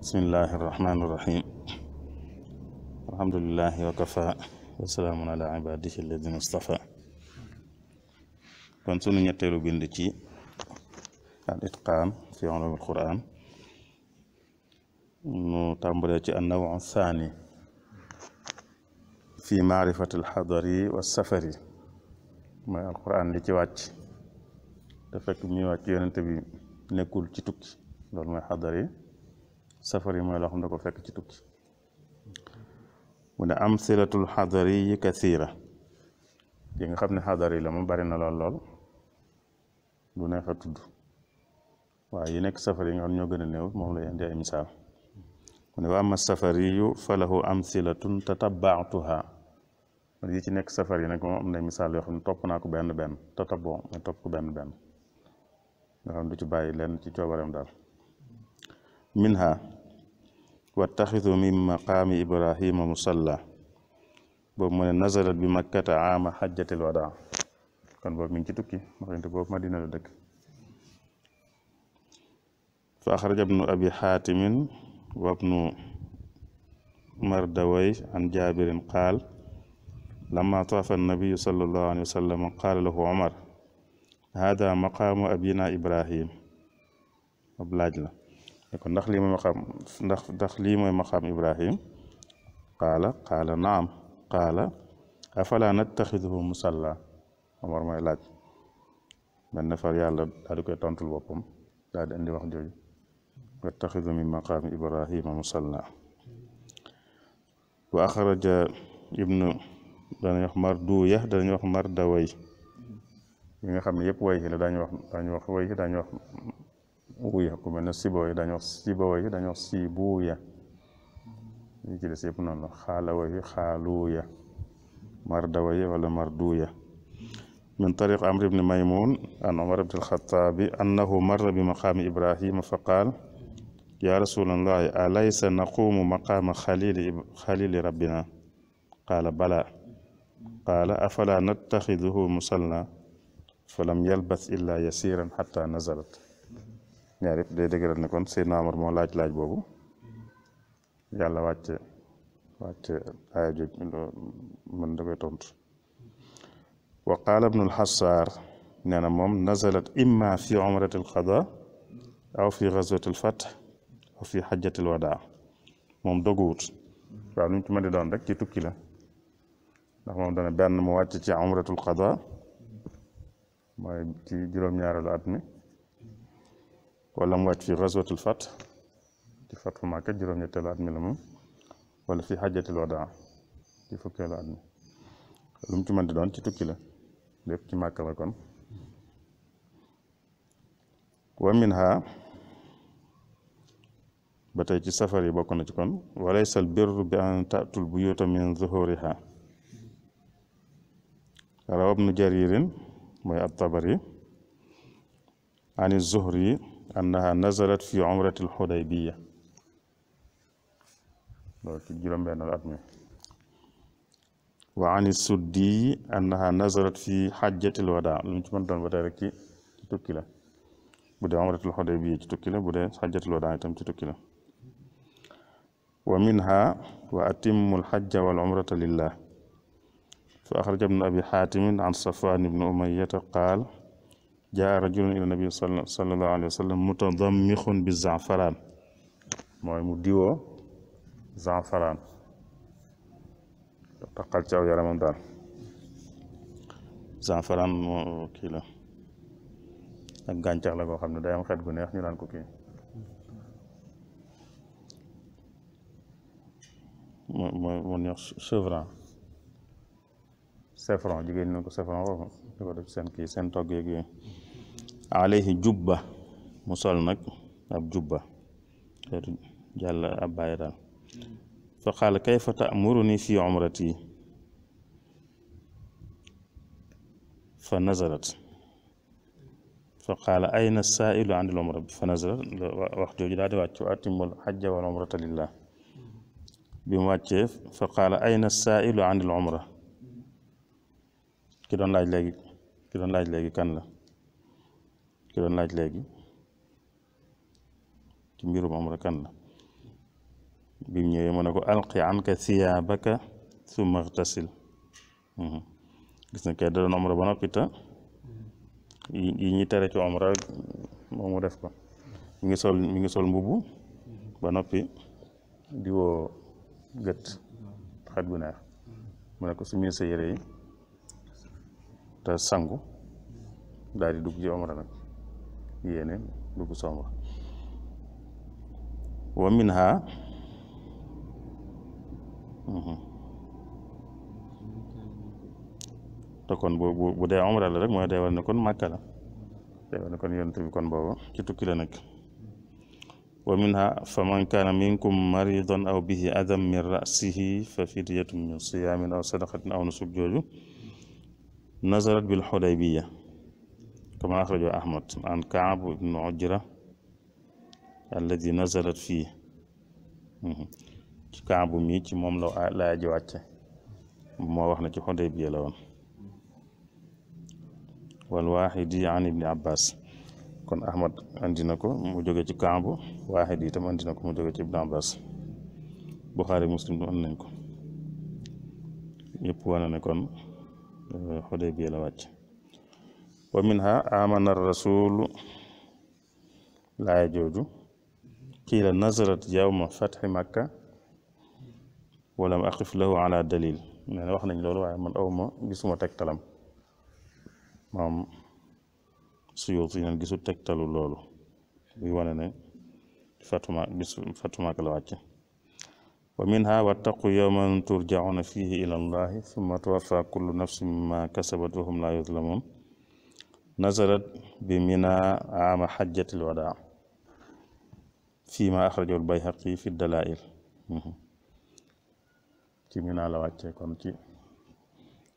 بسم الله الرحمن الرحيم الحمد لله وكفى وسلام على عباده الذين اصطفى kon sunu ñetteelu bind ci al itqaan fi ulum al quran nu tàmbalee ci annawu thani fi maarifati al xadari wa safari mooy al quran li ci wàcc te fekk mi wàcc yonente bi nekkul ci tukki loolu mooy xadari safar yi mooy loo xam da ko fekk ci tukki mu ne am silatul xadari yi kasiira yi nga xam ne xadar yi la mu bari na lool lool du neex a tudd waaye yi nekk safar nga xam ne ñoo gën a néew moom lay indi ay misaal mu ne waa ma safariyu falahu amsilatun tatabaatuha yi ci nekk safar yi nag moom am na misaal yoo xam ne topp naa ko benn benn tataboo ma topp ko benn benn nga xam du ci bàyyi lenn ci coobareem daal منها واتخذوا من مقام إبراهيم مصلى بمن نزلت بمكة عام حجة الوداع كان باب من جتوكي مغين تباب مدينة لدك فأخرج ابن أبي حاتم وابن مردوي عن جابر قال لما طاف النبي صلى الله عليه وسلم قال له عمر هذا مقام أبينا إبراهيم وبلاجله ne ko ndax lii mooy maqaam ndax ndax lii mooy maqaam ibrahim qaala qaala naam qaala afala nattaxiduhu musalla omar mooy laaj benn far yàlla daal di koy tontul boppam daal di indi wax jooju wattaxidu min maqaami ibrahima musalla wa axraja ibnu danañ wax marduya danañ wax mardaway yi nga xam ne yëpp way la daañu wax daañu wax way daañu wax wuya ku mel si sibo yi dañu wax sibo yi dañu wax sibuya yi ci des yëpp noonu la xaalawa yi xaaluya mardawa wala marduya من طريق عمرو بن ميمون عن عمر بن الخطاب أنه مر بمقام إبراهيم فقال يا رسول الله أليس نقوم مقام خليل, خليل ربنا قال بلى قال أفلا نتخذه مصلى فلم يلبث إلا يسيرا حتى نزلت ñaar yëpp day dëgëral ne kon Seydina Omar moo laaj laaj boobu yàlla wàcce wàcce aaya joj mën da koy tontu wa qaala ibnul Xassaar nee na moom nazalat imma fi umrati alqada aw fi gazwati alfath aw fi xajjati alwadaa moom doguwut waaw nu mu ci mën di doon rek ci tukki la ndax moom dana benn mu wàcc ci umratul qada mooy ci juróom-ñaareelu at mi ولا موات في غزوة الفتح دي فتح مكة جرام يتلا أدمي لهم ولا في حاجة الوداع دي فكلا أدمي لم تمان دون تتو كلا لب كي مكة لكم ومنها بتاي تي سفر يبقون تكون وليس البر بأن تأتوا البيوت من ظهورها روى ابن جرير ما يعتبره عن الزهري أنها نزلت في عمرة الحديبية وعن السدي أنها نزلت في حجة الوداع بدي عمرة الحديبية تتكلا بدي حجة الوداع تم تتكلا ومنها وأتم الحج والعمرة لله فأخرج ابن أبي حاتم عن صفوان بن أمية قال jaa rajulun ila nabi sallallahu alayhi wa sallam mutadammixun bi zafaraan mooy mu diwoo zafaraan taqal ci aw yaramam daal zafaraan moo kii la ak gàncax la koo xam ne day am gu neex ñu naan ko kii mooy moo neex chevron chevron jigéen ñi ko chevron ko di ko seen kii seen togg yeeg عليه جبة مسلمك أب جبة جل أب بايران فقال كيف تأمرني في عمرتي فنزلت فقال أين السائل عن العمرة فنزل وقت وقت وأتم الحج والعمرة لله بما فقال أين السائل عن العمرة كده لا يجي كده لا يجي كان له ki doon laaj legi ci mom rek kan bi mu alqi anka siyaabaka summa ghtasil mhm. gis na kay da doon Omar ba noppi te yi ñi tere ci Omar momu def ko mi ngi sol mi ngi sol mbubu ba nopi di wo gëtt xat bu neex mu ne ko su sa yi ta sangu daal di dugg ci nag ينن لوكو سامو ومنها تكون بو بو داي عمره لا رك مو داي وال نكون مكه لا داي وال نكون يونت بي كون بوبو تي توكي لا نك ومنها فمن كان منكم مريضا او به اذى من راسه ففديه من صيام او صدقه او نسك جوجو نظرت بالحديبيه كما أخرجه أحمد عن كعب بن عجرة الذي نزلت فيه كعب مي ci moom la laa ji wàcce moo wax na ci Xudaybiya la woon والواحدي عن ابن عباس kon Ahmad andi na ko mu jóge ci Kaab Waaxid itam andi na ko mu jóge ci Ibn Abbas Buxaari Muslim du and nañ ko ñëpp wane ne kon Xudaybiya euh, la wàcc ومنها آمن الرسول لا يجوز كيل نظرة يوم فتح مكة ولم أقف له على دليل يعني واحد من لولو من أول ما جسمه تكتلم مام سيوطين الجسم تكتلو لولو بيوانني فتما جسم فتما كل واحد ومنها واتقوا يوما ترجعون فيه إلى الله ثم توفى كل نفس ما كسبت وهم لا يظلمون نزلت بمنى عام حجة الوداع فيما أخرجه البيهقي في الدلائل في منى لواتي كونتي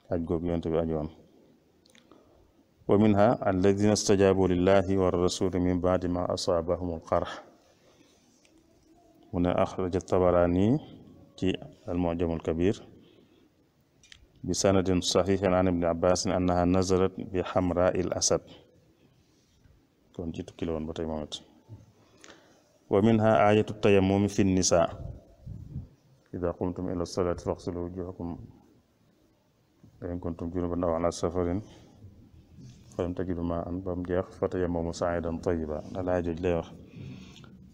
حجو بيونت بأجون ومنها الذين استجابوا لله والرسول من بعد ما أصابهم القرح هنا أخرج الطبراني في المعجم الكبير بسند صحيح عن ابن عباس أنها نزلت بحمراء الأسد كون جيت ومنها آية التيمم في النساء إذا قمتم إلى الصلاة فاغسلوا وجوهكم وإن كنتم جنبا أو على سفر فلم تجدوا ماء بام فتيمموا صعيدا طيبا لا يجوز لا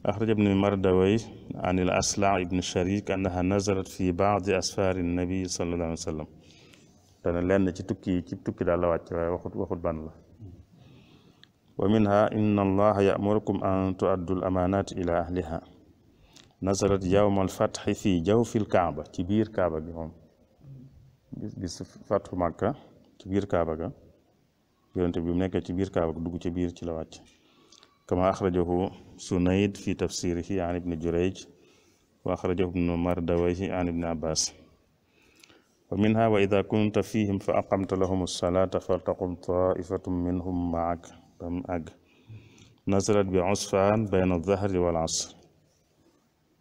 أخرج ابن مردوي عن الأسلع ابن شريك أنها نزلت في بعض أسفار النبي صلى الله عليه وسلم dana lenn ci tukki yi ci tukki daal la wàcc waaye waxut waxut ban la wa minha inna allaha yamurukum an tuaddu l amaanaati ila ahliha nasalat yawma alfatxi fii jawfi lkaaba ci biir kaaba gi moom gis gis fatxu màkka ci biir kaaba ga yonente bi mu nekkee ci biir kaaba ga dugg ci biir ci la wàcc kama axrajahu sunayd fi tafsirihi an ibni jurayj wa axrajahu ibnu mardawayhi an ibni abbas ومنها وإذا كنت فيهم فأقمت لهم الصلاة فلتقم طائفة منهم معك لم أج نزلت بعصفان بين الظهر والعصر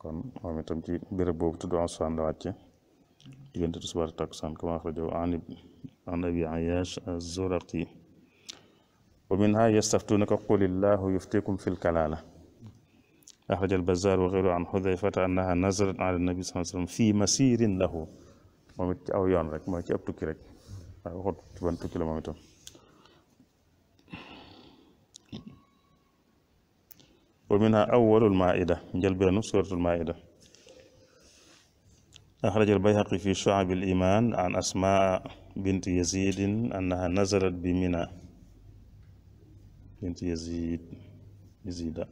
كان ومتم تي بربوك تدعو عصفان لواتي يوين تتسبار تاكسان كما أخرجوا عن أبي عياش الزرقي ومنها يستفتونك قول الله يفتيكم في الكلالة أخرج البزار وغيره عن حذيفة أنها نزلت على النبي صلى الله عليه وسلم في مسير له momit ci aw yoon rek moy ci ep tukki rek waaye waxut ci ban tukki la moom itam wa minha awwalul maida benu suratul maida أخرج البيهقي في شعب الإيمان عن أسماء بنت يزيد أنها نزلت بمنى بنت يزيد يزيد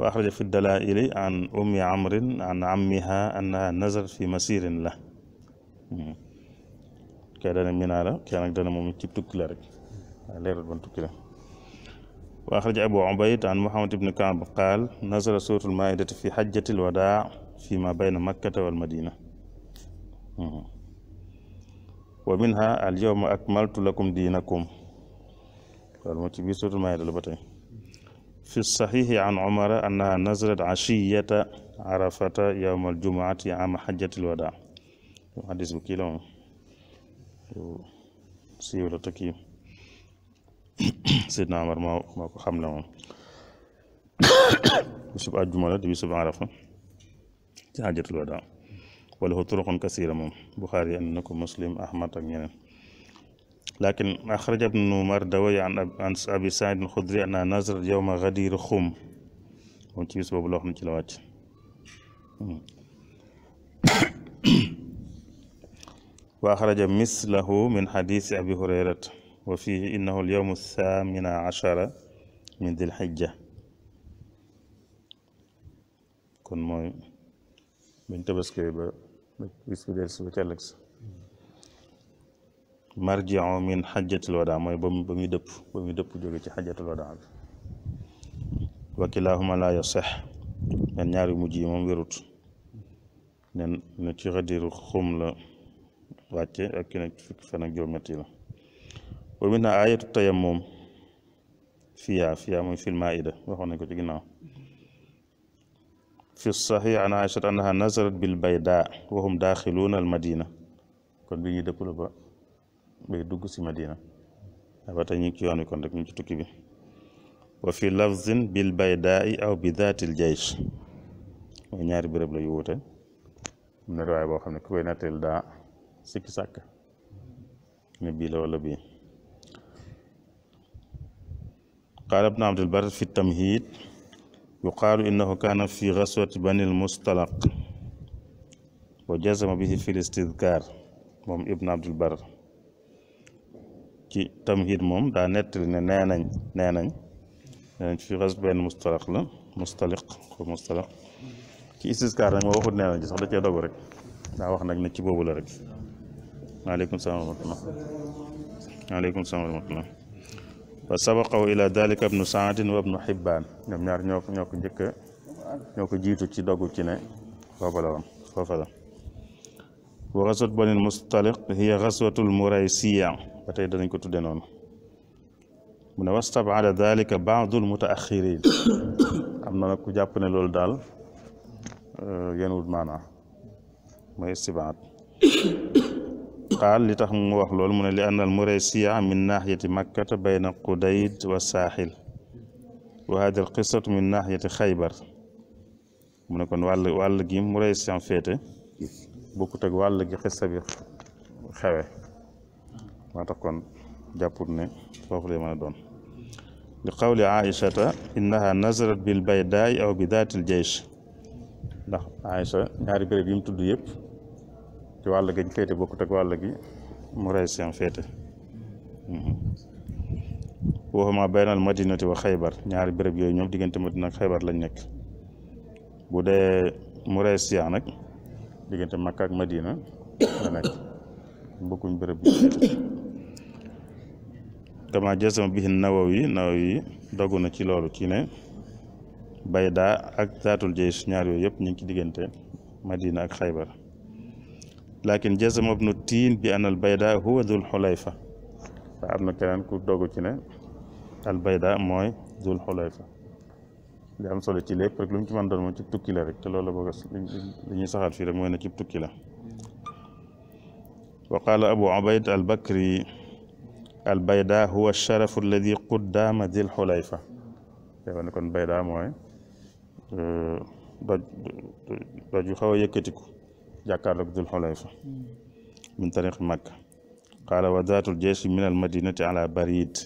وأخرج في الدلائل عن أم عمرو عن عمها أنها نزلت في مسير له كان من على كان kay nag dana وأخرج أبو عبيد عن محمد بن كعب قال نزل سورة المائدة في حجة الوداع فيما بين مكة والمدينة ومنها اليوم أكملت لكم دينكم ما المائدة fi saxiixi an Umara annaha nazalat ashiyata arafata yowma aljumaati ama xajjatil wadaa xadis bu kii moom siiw la te kii Seydina Omar moo moom bisub àjjuma la di bisub arafa ci xajjatil wala hu turuqun kasira moom Buxaari and na Muslim Ahmad ak ñeneen لكن أخرج ابن مردوي عن أبي سعيد الخدري أن نزر يوم غدير خم وانتي بسبب الله من تلوات وأخرج مثله من حديث أبي هريرة وفيه إنه اليوم الثامن عشر من ذي الحجة كن موي بنت بسكي بسكي بسكي بسكي marji'u min xajjatil wadaa moy bamuy dëpp bamuy dëpp jóge ci xajjatil wadaa wa kilahuma la yasex nen ñaari mujj mom wérut nen ne ci xadiru xum la wàcce ak ne fukki fan ak juroom la wa min ayatu tayammum fiya fiya moy fil maida waxoon nañ ko ci ginnaaw في الصحيح عن عائشة أنها نزلت بالبيداء وهم داخلون المدينة daaxiluuna بيني madina kon bay dugg si madina ba tey ci yoon wi kon tukki bi wa fi lafzin bil baydaai aw bi daatil jaysh mooy ñaari béréb la yu wuute boo xam ne ku koy nettal daa sikki sàkk ne bii la wala bii qaala ibnu fi tamhiid yuqaalu innahu kaana fi gaswati bani lmustalaq wa jazama bihi fi listidkaar moom ibnu abdul ci tamhid moom daa nettali ne nee nañ nee nañ ci res benn mustalaq la mustaliq ko mustalaq ci istiscar nag moo waxut nee nañ ci sax da cee dogu rek daa wax nag ne ci boobu la rek maaleykum salaam wa rahmatullah maaleykum salaam wa rahmatullah fa sabaqahu ila dalika ibnu saadin wa ibnu xibbaan ñoom ñaar ñoo ko ñoo ko njëkk ñoo ko jiitu ci dogu ci ne foofa la woon foofa la wa gaswat banil mustaliq hiya gaswatul muraysiya ba tey danañ ko tudde noonu mu ne wastabaada dalika baadul mutaaxirin am na nag ku jàpp ne loolu daal yenn wut maanaa mooy istibaat qaal li tax mu wax loolu mu ne li anna al muraysiya min naaxiyati makkata bayna qudayd wa saaxil wa hadi al qissatu min naaxiyati xaybar mu ne kon wàll wàll gi muraysiya féete bokkut ak wàll gi xissa bi xewe maa kon jàpput ne foofu lay mën a doon li qawli aïchata innaha nazarat bil baydaay aw bi daatil jaysh ndax aïcha ñaari bërëb yi mu tudd yëpp ci wàll gi ñu féete bokkut ak wàll gi mu rey seen féete mm-hmm. waxuma baynal madinati wa xaybar ñaari bërëb yooyu ñoom diggante madina ak xaybar lañ nekk bu dee Muraysiya nag diggante Makka ak Madina la nekk bokkuñ kama jasama bihi nawawi nawawi dogu na ci loolu ci ne bayda ak zaatul jaysh ñaar yooyu yëpp ñu ngi ci diggante madina ak xaybar lakin jasama ibnu tiin bi an al bayda huwa dul xulayfa waa am na keneen ku dogu ci ne al bayda mooy dul xulayfa li am solo ci lépp rek lu mu ci mën doon moom ci tukki rek te loolu la bëgg li ñuy saxaat fii rek mooy ne ci tukki la wa qaala abu ubayd al bakri البيداء هو الشرف الذي قدام ذي الحليفة دابا نكون بيضاء موي دوجو أه، خاوا يكتيكو جاكارلوك ذي الحليفة من طريق مكة قال وذات الجيش من المدينة على بريد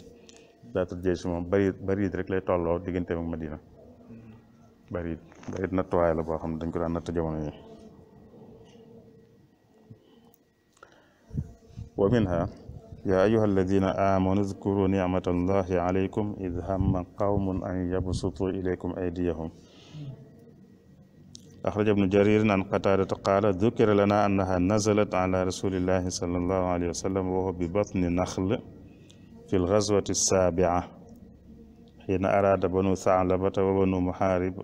ذات الجيش مو بريد بريد رك لي تولو ديغنتي مك مدينة بريد بريد نتوايا لا بو خام دنجو دان نتا جامونو ومنها يا أيها الذين آمنوا اذكروا نعمة الله عليكم إذ هم قوم أن يبسطوا إليكم أيديهم أخرج ابن جرير عن قتادة قال ذكر لنا أنها نزلت على رسول الله صلى الله عليه وسلم وهو ببطن نخل في الغزوة السابعة حين أراد بنو ثعلبة وبنو محارب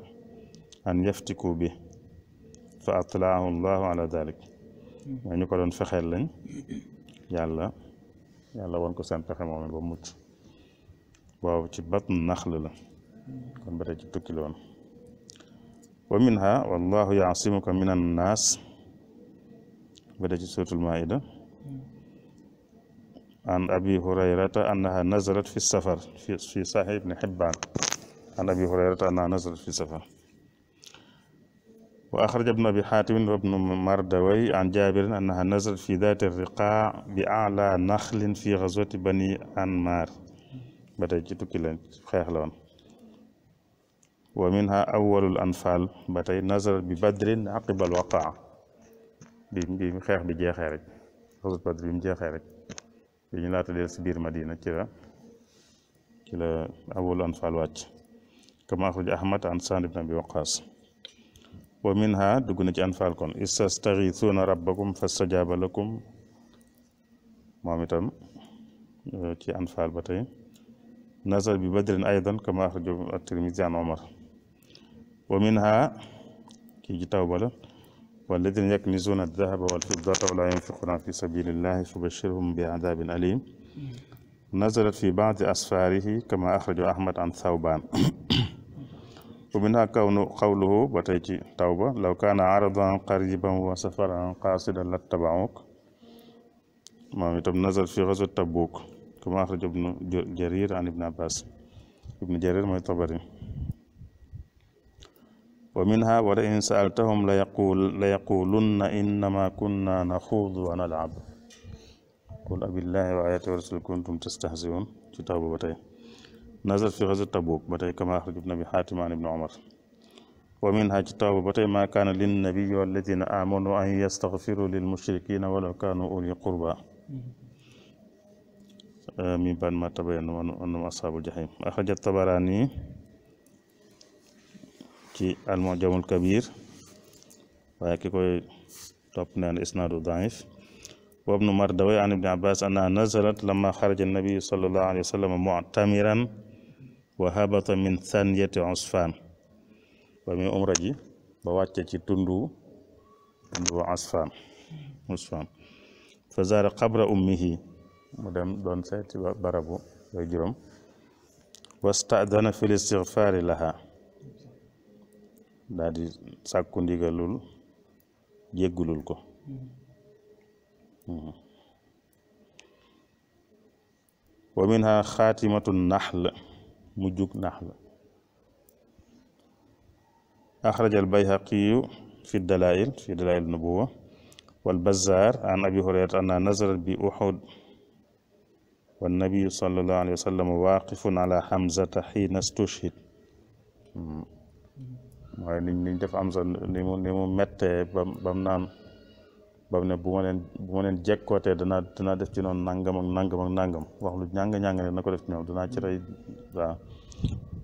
أن يفتكوا به فأطلعه الله على ذلك يعني كلهم فخر لن يلا yàlla woon ko seen pexe moom ba mucc waaw ci batn naxl la kon ba tey ci tukki la woon wa minha wallahu yaasimuka min annaas ba tey ci suratul maida an abi hurayrata annaha nazalat fi safar fi sahih ibni hibban an abi hurayrata annaha nazalat fi safar وأخرج ابن أبي حاتم وابن مردوي عن جابر أنها نزلت في ذات الرقاع بأعلى نخل في غزوة بني أنمار بدأ ومنها أول الأنفال بدأ نزلت ببدر عقب الوقعة بخيخ بجيخيرك غزوة بدر بجيخيرك بجي لا تدير سبير مدينة كذا كلا أول أنفال واتش كما أخرج أحمد عن سان بن أبي وقاص ومنها دغنا جان فالكون استغيثون ربكم فاستجاب لكم مامتام تي انفال باتاي نزل ببدر ايضا كما اخرج الترمذي عن عمر ومنها كي جي توبه والذين يكنزون الذهب والفضه ولا ينفقون في سبيل الله فبشرهم بعذاب اليم نزلت في بعض اسفاره كما اخرج احمد عن ثوبان ومنها كون قوله بتيجي توبة لو كان عرضا قريبا وسفرا قاصدا لاتبعوك ما يتم نزل في غزوة تبوك كما أخرج ابن جرير عن ابن عباس ابن جرير ما يتبري ومنها ولئن سألتهم ليقول ليقولن إنما كنا نخوض ونلعب قل أبي الله وآياته ورسوله كنتم تستهزئون كتاب بتيه نزل في غزوة تبوك بتاي كما أخرج ابن أبي حاتم عن ابن عمر ومنها كتاب بتاي ما كان للنبي والذين آمنوا أن يستغفروا للمشركين ولو كانوا أولي قربى آه، من بعد ما تبين أنهم أصحاب الجحيم أخرج الطبراني في المعجم الكبير وهيك توب نان إسناد ضعيف وابن مردوي عن ابن عباس أنها نزلت لما خرج النبي صلى الله عليه وسلم معتمرا وهبط من ثانية عصفان ومي عمرة جي بواتي تي تندو تندو عصفان عصفان فزار قبر أمه مدام دون سيتي بارابو ويجرم واستأذن في الاستغفار لها دادي ساكون sàkku ndigalul jéggulul ko wa minha xaatimatu naxl mu jug nax la أخرج البيهقي في الدلائل في دلائل النبوة والبزار عن أبي هريرة أنها نزلت بأحد والنبي صلى الله عليه وسلم واقف على حمزة حين استشهد mooy niñ niñ def am sa ni mu ni mu mettee ba bam naan bam ne bu ma leen bu ma leen jekkootee danaa danaa def ci noonu nangam ak nangam ak nangam wax lu ñàng ñàng ne na ko def ci ñoom danaa ci rey waaw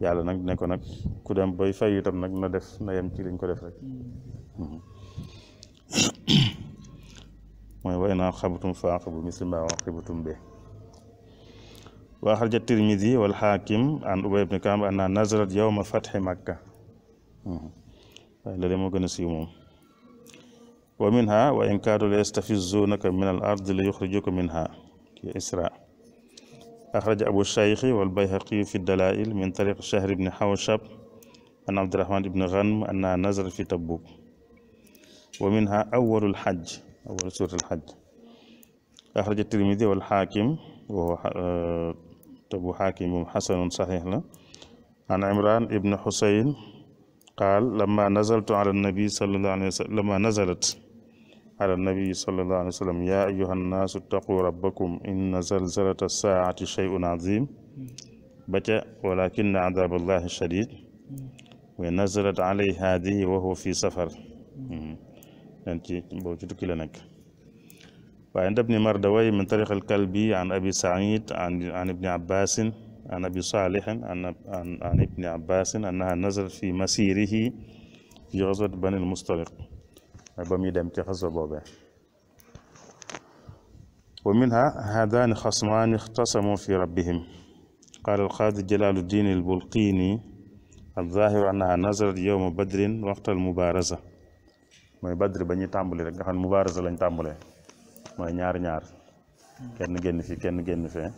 yàlla nag ne ko nag ku dem bay fay nag na def na yem ci liñ ko def rek mooy wa in aqabtum fa aqibu misli wa axraja tirmidi wal xaakim an ubay ibni kaab nazarat yowma fatxi makka waaye la de moo gën a siiw moom wa minha wa in kaadu la yastafizuunaka min al ard li yuxrijuka minha ki isra أخرج أبو الشيخ والبيهقي في الدلائل من طريق شهر بن حوشب عن عبد الرحمن بن غنم أنها نزل في تبوك ومنها أول الحج أول سورة الحج أخرج الترمذي والحاكم وهو تبو آه، حاكم حسن صحيح عن عمران بن حسين قال لما نزلت على النبي صلى الله عليه وسلم لما نزلت على النبي صلى الله عليه وسلم يا أيها الناس اتقوا ربكم إن زلزلة الساعة شيء عظيم بكى ولكن عذاب الله شديد ونزلت عليه هذه وهو في سفر وعند ابن مردوي من طريق الكلبي عن أبي سعيد عن, عن ابن عباس عن أبي صالح عن, عن, عن ابن عباس أنها نزلت في مسيره في غزوة بني المصطلق بامي دم تخزر بابا ومنها هذان خصمان اختصموا في ربهم قال القاضي جلال الدين البلقيني الظاهر أنها نظرت يوم بدر وقت المبارزة ما بدر بني تامبلي رجع المبارزة لن تامبلي ما نيار نيار كن جن في كن جن في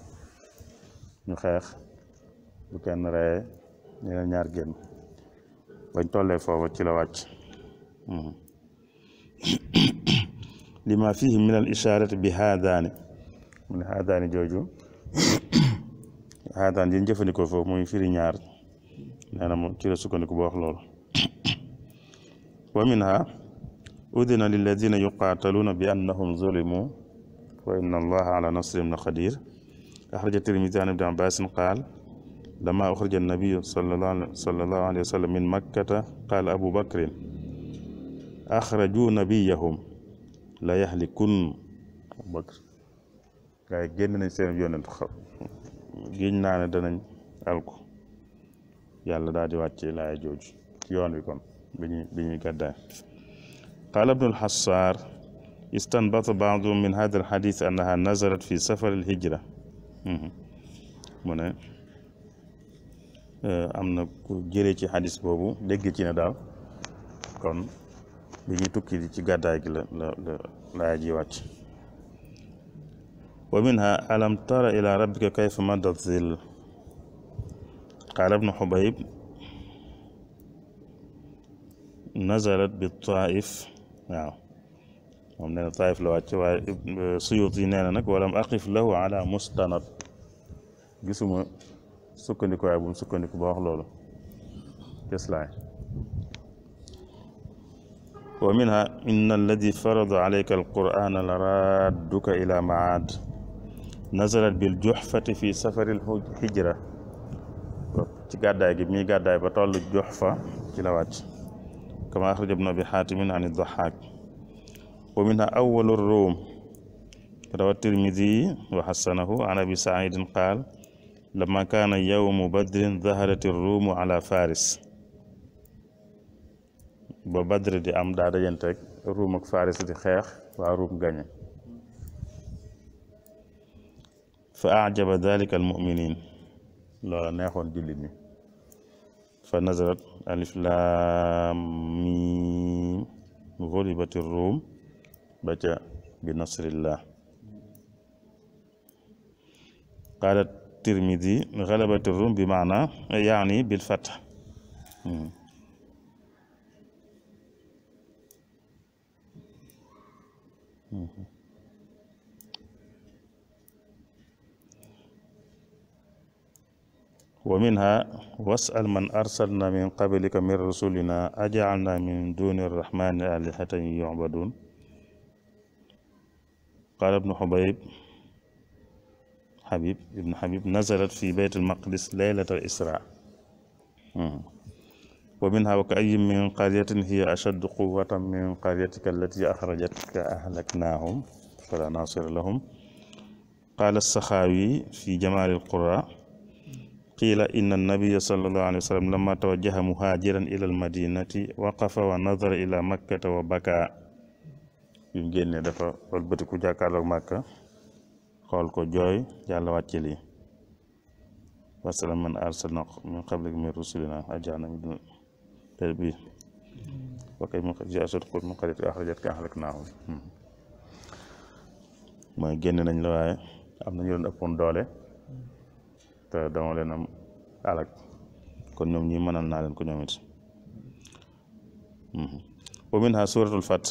نخاخ بكن رأي نيار جن وين تولي فوق تلوات Mm-hmm. لما فيه من الإشارة بهذان من هذان جوجو هذان دين جفنكو فوق موي فيري نيار نانا مو تي سكنكو بو لول ومنها أذن للذين يقاتلون بأنهم ظلموا وإن الله على نصرهم لقدير أخرج الترمذي عن ابن عباس قال لما أخرج النبي صلى الله عليه وسلم من مكة قال أبو بكر axraju nabiyahum la yaxlikun bakr gaa yi génn nañ seen yonent géñ naa ne danañ alku yàlla daal di wàcce laaya jooju ci yoon wi kon biñu bi ñuy gàddaay qaala ibnu alxassaar istanbata baadu min hada alxadis annaha nazarat fi safar alhijra mu ne am na ku jëlee ci xadis boobu dégg ci ne daal kon bi ñuy tukki di ci gàddaay gi la la la laaya ji wàcc wa alam tara ila rabbika kayfa madda zil qaala ibnu xubayb nazalat bi taif na taif la wàcc waaye euh, suyuut yi nee na nag walam aqif lahu ala bu sukkandiku ba wax loolu ومنها إن الذي فرض عليك القرآن لرادك إلى معاد نزلت بالجحفة في سفر الهجرة الجحفة كما أخرج ابن أبي حاتم عن الضحاك ومنها أول الروم روى الترمذي وحسنه عن أبي سعيد قال لما كان يوم بدر ظهرت الروم على فارس ba badri di am daa dajante ak ruum ak faris di xeex waa ruum gañe fa ajaba dalika almuminin loola neexoon jullit ñi fa nazarat alif laam miim gulibati ruum ba ca bi nasrillah qaala tirmidi galabati ruum bi maana yaani bil fath ومنها واسأل من أرسلنا من قبلك من رسلنا أجعلنا من دون الرحمن آلهة يعبدون قال ابن حبيب حبيب ابن حبيب نزلت في بيت المقدس ليلة الإسراء ومنها وكأي من قرية هي أشد قوة من قريتك التي أخرجتك أهلكناهم فلا ناصر لهم قال السخاوي في جمال القرى قيل إن النبي صلى الله عليه وسلم لما توجه مهاجرا إلى المدينة وقف ونظر إلى مكة وبكى يمكن دفع والبتك جاكار مكة قال كو جوي يالا واتي وسلام من أرسلنا من قبلك من رسلنا أجعلنا من تربية وكيف جاء من قرية أخرجتك أهلكناهم mooy génn nañ la waaye am na ñu leen ëppoon doole te dama leen am alak kon ñoom ñi mënal naa leen ko ñoom it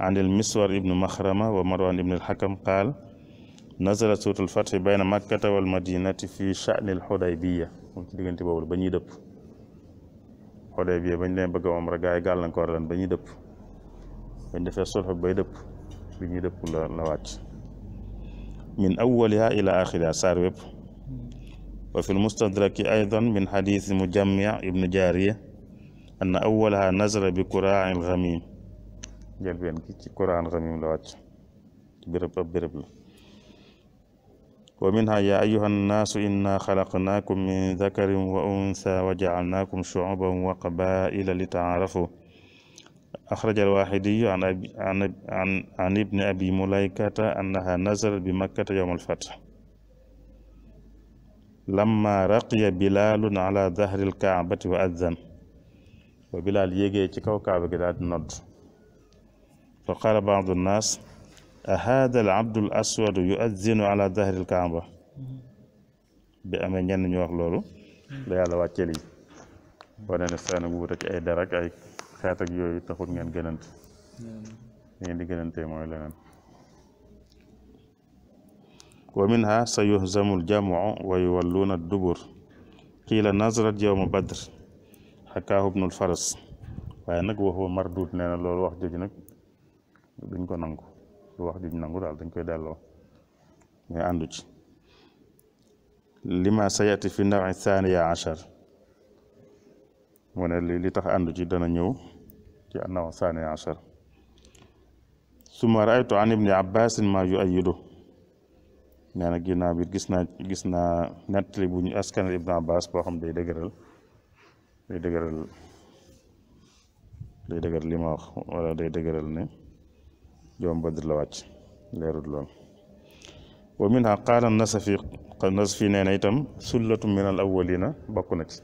عن المسور ابن مخرمة ومروان ابن الحكم قال نزل سورة الفتح بين مكة والمدينة في شأن الحديبية بني دب Xudaybiya bañ leen bëgg a omra gaa yi gàllankoor lan ba ñuy dëpp bañ defee sulx bay dëpp bi ñuy dëpp la la wàcc min awwaliha ila axiriha saar wépp wa fi lmustadraki aydan min xadis mujamia ibnu jaariya anna awwalaha nazara bi quraan xamim njëlbeen gi ci quraan xamim la wàcc ci béréb ab béréb la ومنها يا أيها الناس إنا خلقناكم من ذكر وأنثى وجعلناكم شعوبا وقبائل لتعارفوا أخرج الواحدي عن, أبي عن, عن, عن ابن أبي مليكة أنها نزلت بمكة يوم الفتح لما رقي بلال على ظهر الكعبة وأذن وبلال يجي تكو كعبة قد نض فقال بعض الناس هذا العبد الأسود يؤذن على ظهر الكعبة بأمان ين يوخ لولو لا يلا واتي لي بون انا سان غوت اي اي اي خات يوي تاخوت نين غننت نعم. نين دي غننت موي لنان ومنها سيهزم الجمع ويولون الدبر قيل نظرة يوم بدر حكاه ابن الفرس واي نك وهو مردود نينا لول واخ جوجي نك دنجو نانكو du wax juñ nangu daal dañ koy delloo mais àndu ci lima sayati fi naw thaniya achar mu ne li li tax àndu ci dana ñëw ci naw thaniya achar summa raaytu an ibni abbasin ma yuayidu nee na ginnaaw bi gis naa gis naa nettali bu ñu askanal ibnu abbas boo xam day dëgëral day dëgëral day dëgëral li wax wala day dëgëral ne yoom Badr la wàcc leerul lool wa minha qaala nasafi nasafi nee na itam sullatu min al awwalina bokk na ci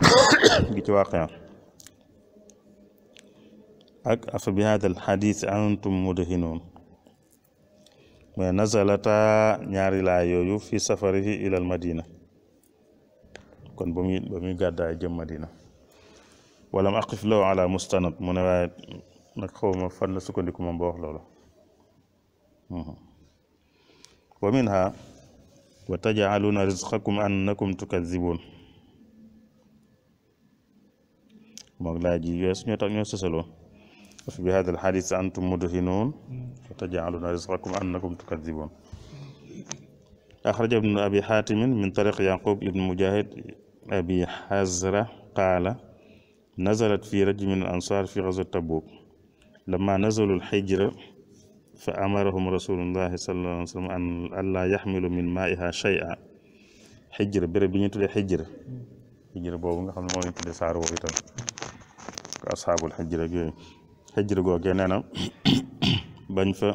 ak afa bi hada al xadis antum mudhinuun mais nazalata ñaari laa yooyu fi safarihi ila al madina kon ba muy ba muy madina walam aqif law ala mustanad nag xaw ma fan la sukkandiku moom ba wax loolu wa minha wa tajcaluuna risqakum annakum tukazibun moog laaj yi weesu ñoo tax ñoo sësaloo afa bi hada alxadis antum mudhinuun wa tajcaluuna risqakum annakum tukazibun أخرج ابن أبي حاتم من طريق يعقوب بن مجاهد أبي حزرة قال نزلت في رجل من الأنصار في غزوة تبوك lamma nazalu lxijra fa amarahum rasulullahi sallallahu alayhi wa sallam an allaa yaxmilu min maiha shay'a xijra bi ñu tuddee xijra xijra boobu nga xam ne moo lañ tuddee saar woowu itam ko asxaabul xijra googee nee bañ fa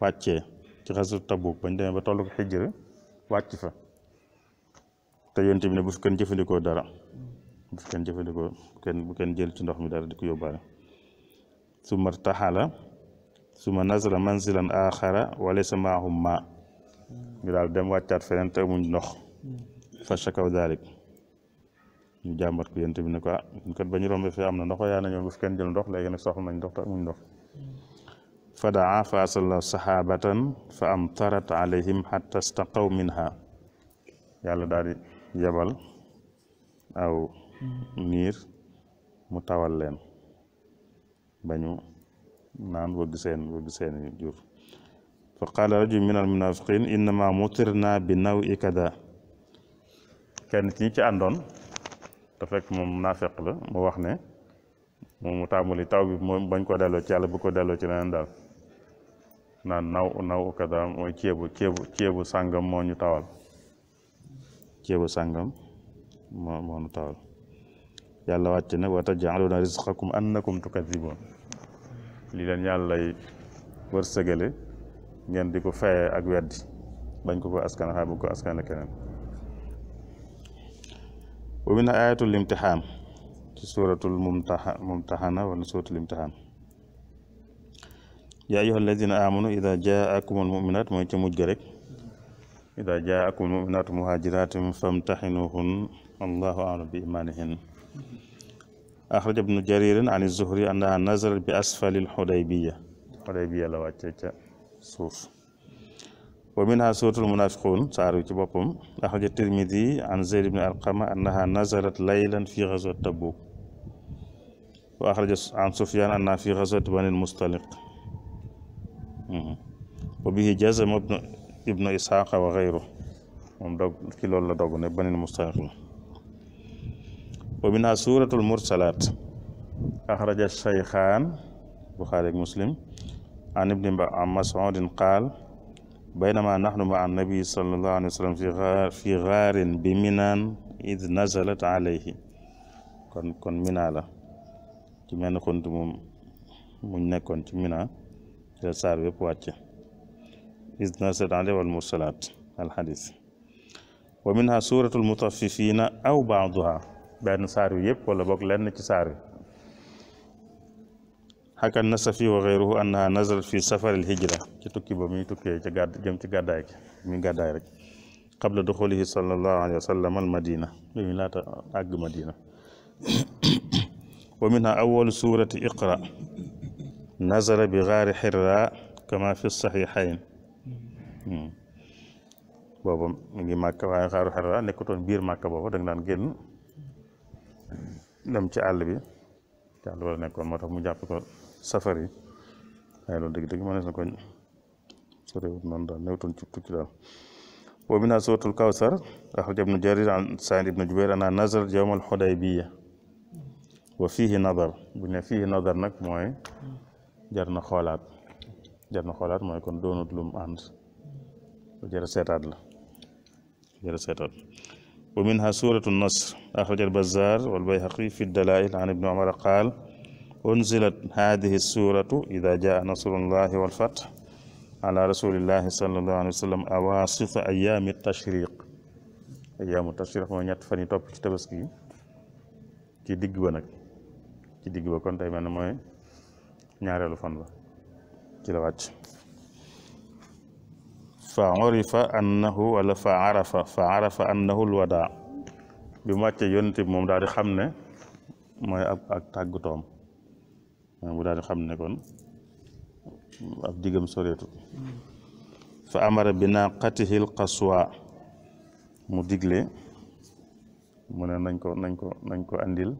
wàccee ci xasu tabuk bañ demee ba tollu ko xijra wàcc fa te yonte bi ne bu kenn jëfandikoo dara bu fi kenn jëfandikoo kenn bu kenn jël ci ndox mi dara di ko yóbbaale ثم ارتحل ثم نزل منزلا آخر وليس معهم ماء ñu daal dem wàccaat feneen te amuñ ndox fa chakaw daalik ñu jàmbat ko yent bi ne ko ah kat ba ñu rombe fi am na ndox yaa na ñoom bu fi kenn jël ndox léegi nag soxla nañ ndox te amuñ ndox fa daa fa arsala saxaabatan fa amtarat alayhim xatta staqaw minha yàlla daal di yebal aw niir mu tawal leen بنو نان وبسين وبسين جور فقال رجل من المنافقين إنما مطرنا بنوء كذا كان تنيكي أندون تفك منافق له موخنة ومتعمل تاو بنكو دالو تيالو بكو دالو تيالو تيالو نان نو نو كذا موي كيبو كيبو كيبو سانغام مو نتاول كيبو سانغام مو نتاول يالله واتنا واتجعلنا رزقكم أنكم تكذبون li leen yàlla lay wërsëgale ngeen di ko fayee ak weddi bañ ko ko askan xaa bu ko askan keneen wa min ayatul imtixaan ci suuratul mumtaxana wala suuratul imtixaan yaa ayyuha alladina amanu ida jaakum almuminat mooy ca mujj ga rek ida jaakum almuminat muhajiratin famtaxinuhun أخرج ابن جرير عن الزهري أنها نزلت بأسفل الحديبية حديبية لو سوف ومنها سورة المنافقون سارو بابهم أخرج الترمذي عن زيد بن أرقمة أنها نزلت ليلا في غزوة تبوك وأخرج عن سفيان أنها في غزوة بني المصطلق وبه جزم ابن ابن إسحاق وغيره moom dog ci loolu la dog ومنها سورة المرسلات أخرج الشيخان بخاري مسلم عن ابن عن مسعود قال بينما نحن مع النبي صلى الله عليه وسلم في غار في غار بمنى إذ نزلت عليه كن كن منى لا كمان كنت مم من كنت منى سار بقواتي إذ نزلت عليه والمرسلات الحديث ومنها سورة المطففين أو بعضها بين ساري يب ولا بق لين كساري هكذا النص في وغيره أنها نزل في سفر الهجرة كتوكي بمية توكي جم تقدايك مين قدايك قبل دخوله صلى الله عليه وسلم المدينة من لا تأج مدينة ومنها أول سورة إقرأ نزل بغار حراء كما في الصحيحين بابا مكة غار حراء نكتون بير مكة بابا دعنا نجن dem ci àll bi ci àll wala nekkoon moo tax mu jàpp ko safar yi waaye loolu dëgg-dëgg mënees na ko sorewut noonu daal newtoon ci tukki daal wa mina suratul kawsar axraja ibnu jarir an said ibnu jubair ana nazar yawmal xudaybiya wa fiihi nadar bu ne fiihi nadar nag mooy jar na xoolaat jar na xoolaat mooy kon doonut lum ànd jërë seetaat la jërë seetaat ومنها سورة النصر أخرج البزار والبيهقي في الدلائل عن ابن عمر قال أنزلت هذه السورة إذا جاء نصر الله والفتح على رسول الله صلى الله عليه وسلم أواصف أيام التشريق أيام التشريق mooy يتفني fan yi topp كي ديك بناك كي ديك nag ci digg ba kon tey mel na mooy ñaareelu fan ba ci fa urifa annahu wala fa arafa fa arafa annahu lwada bi mu wàccee yonent moom daal di xam ne mooy ab ak tàggutoom mu daal xam ne kon ab diggam soreetu fa amara bi naaqatihi lqaswa mu digle mu ne nañ ko nañ ko nañ ko andil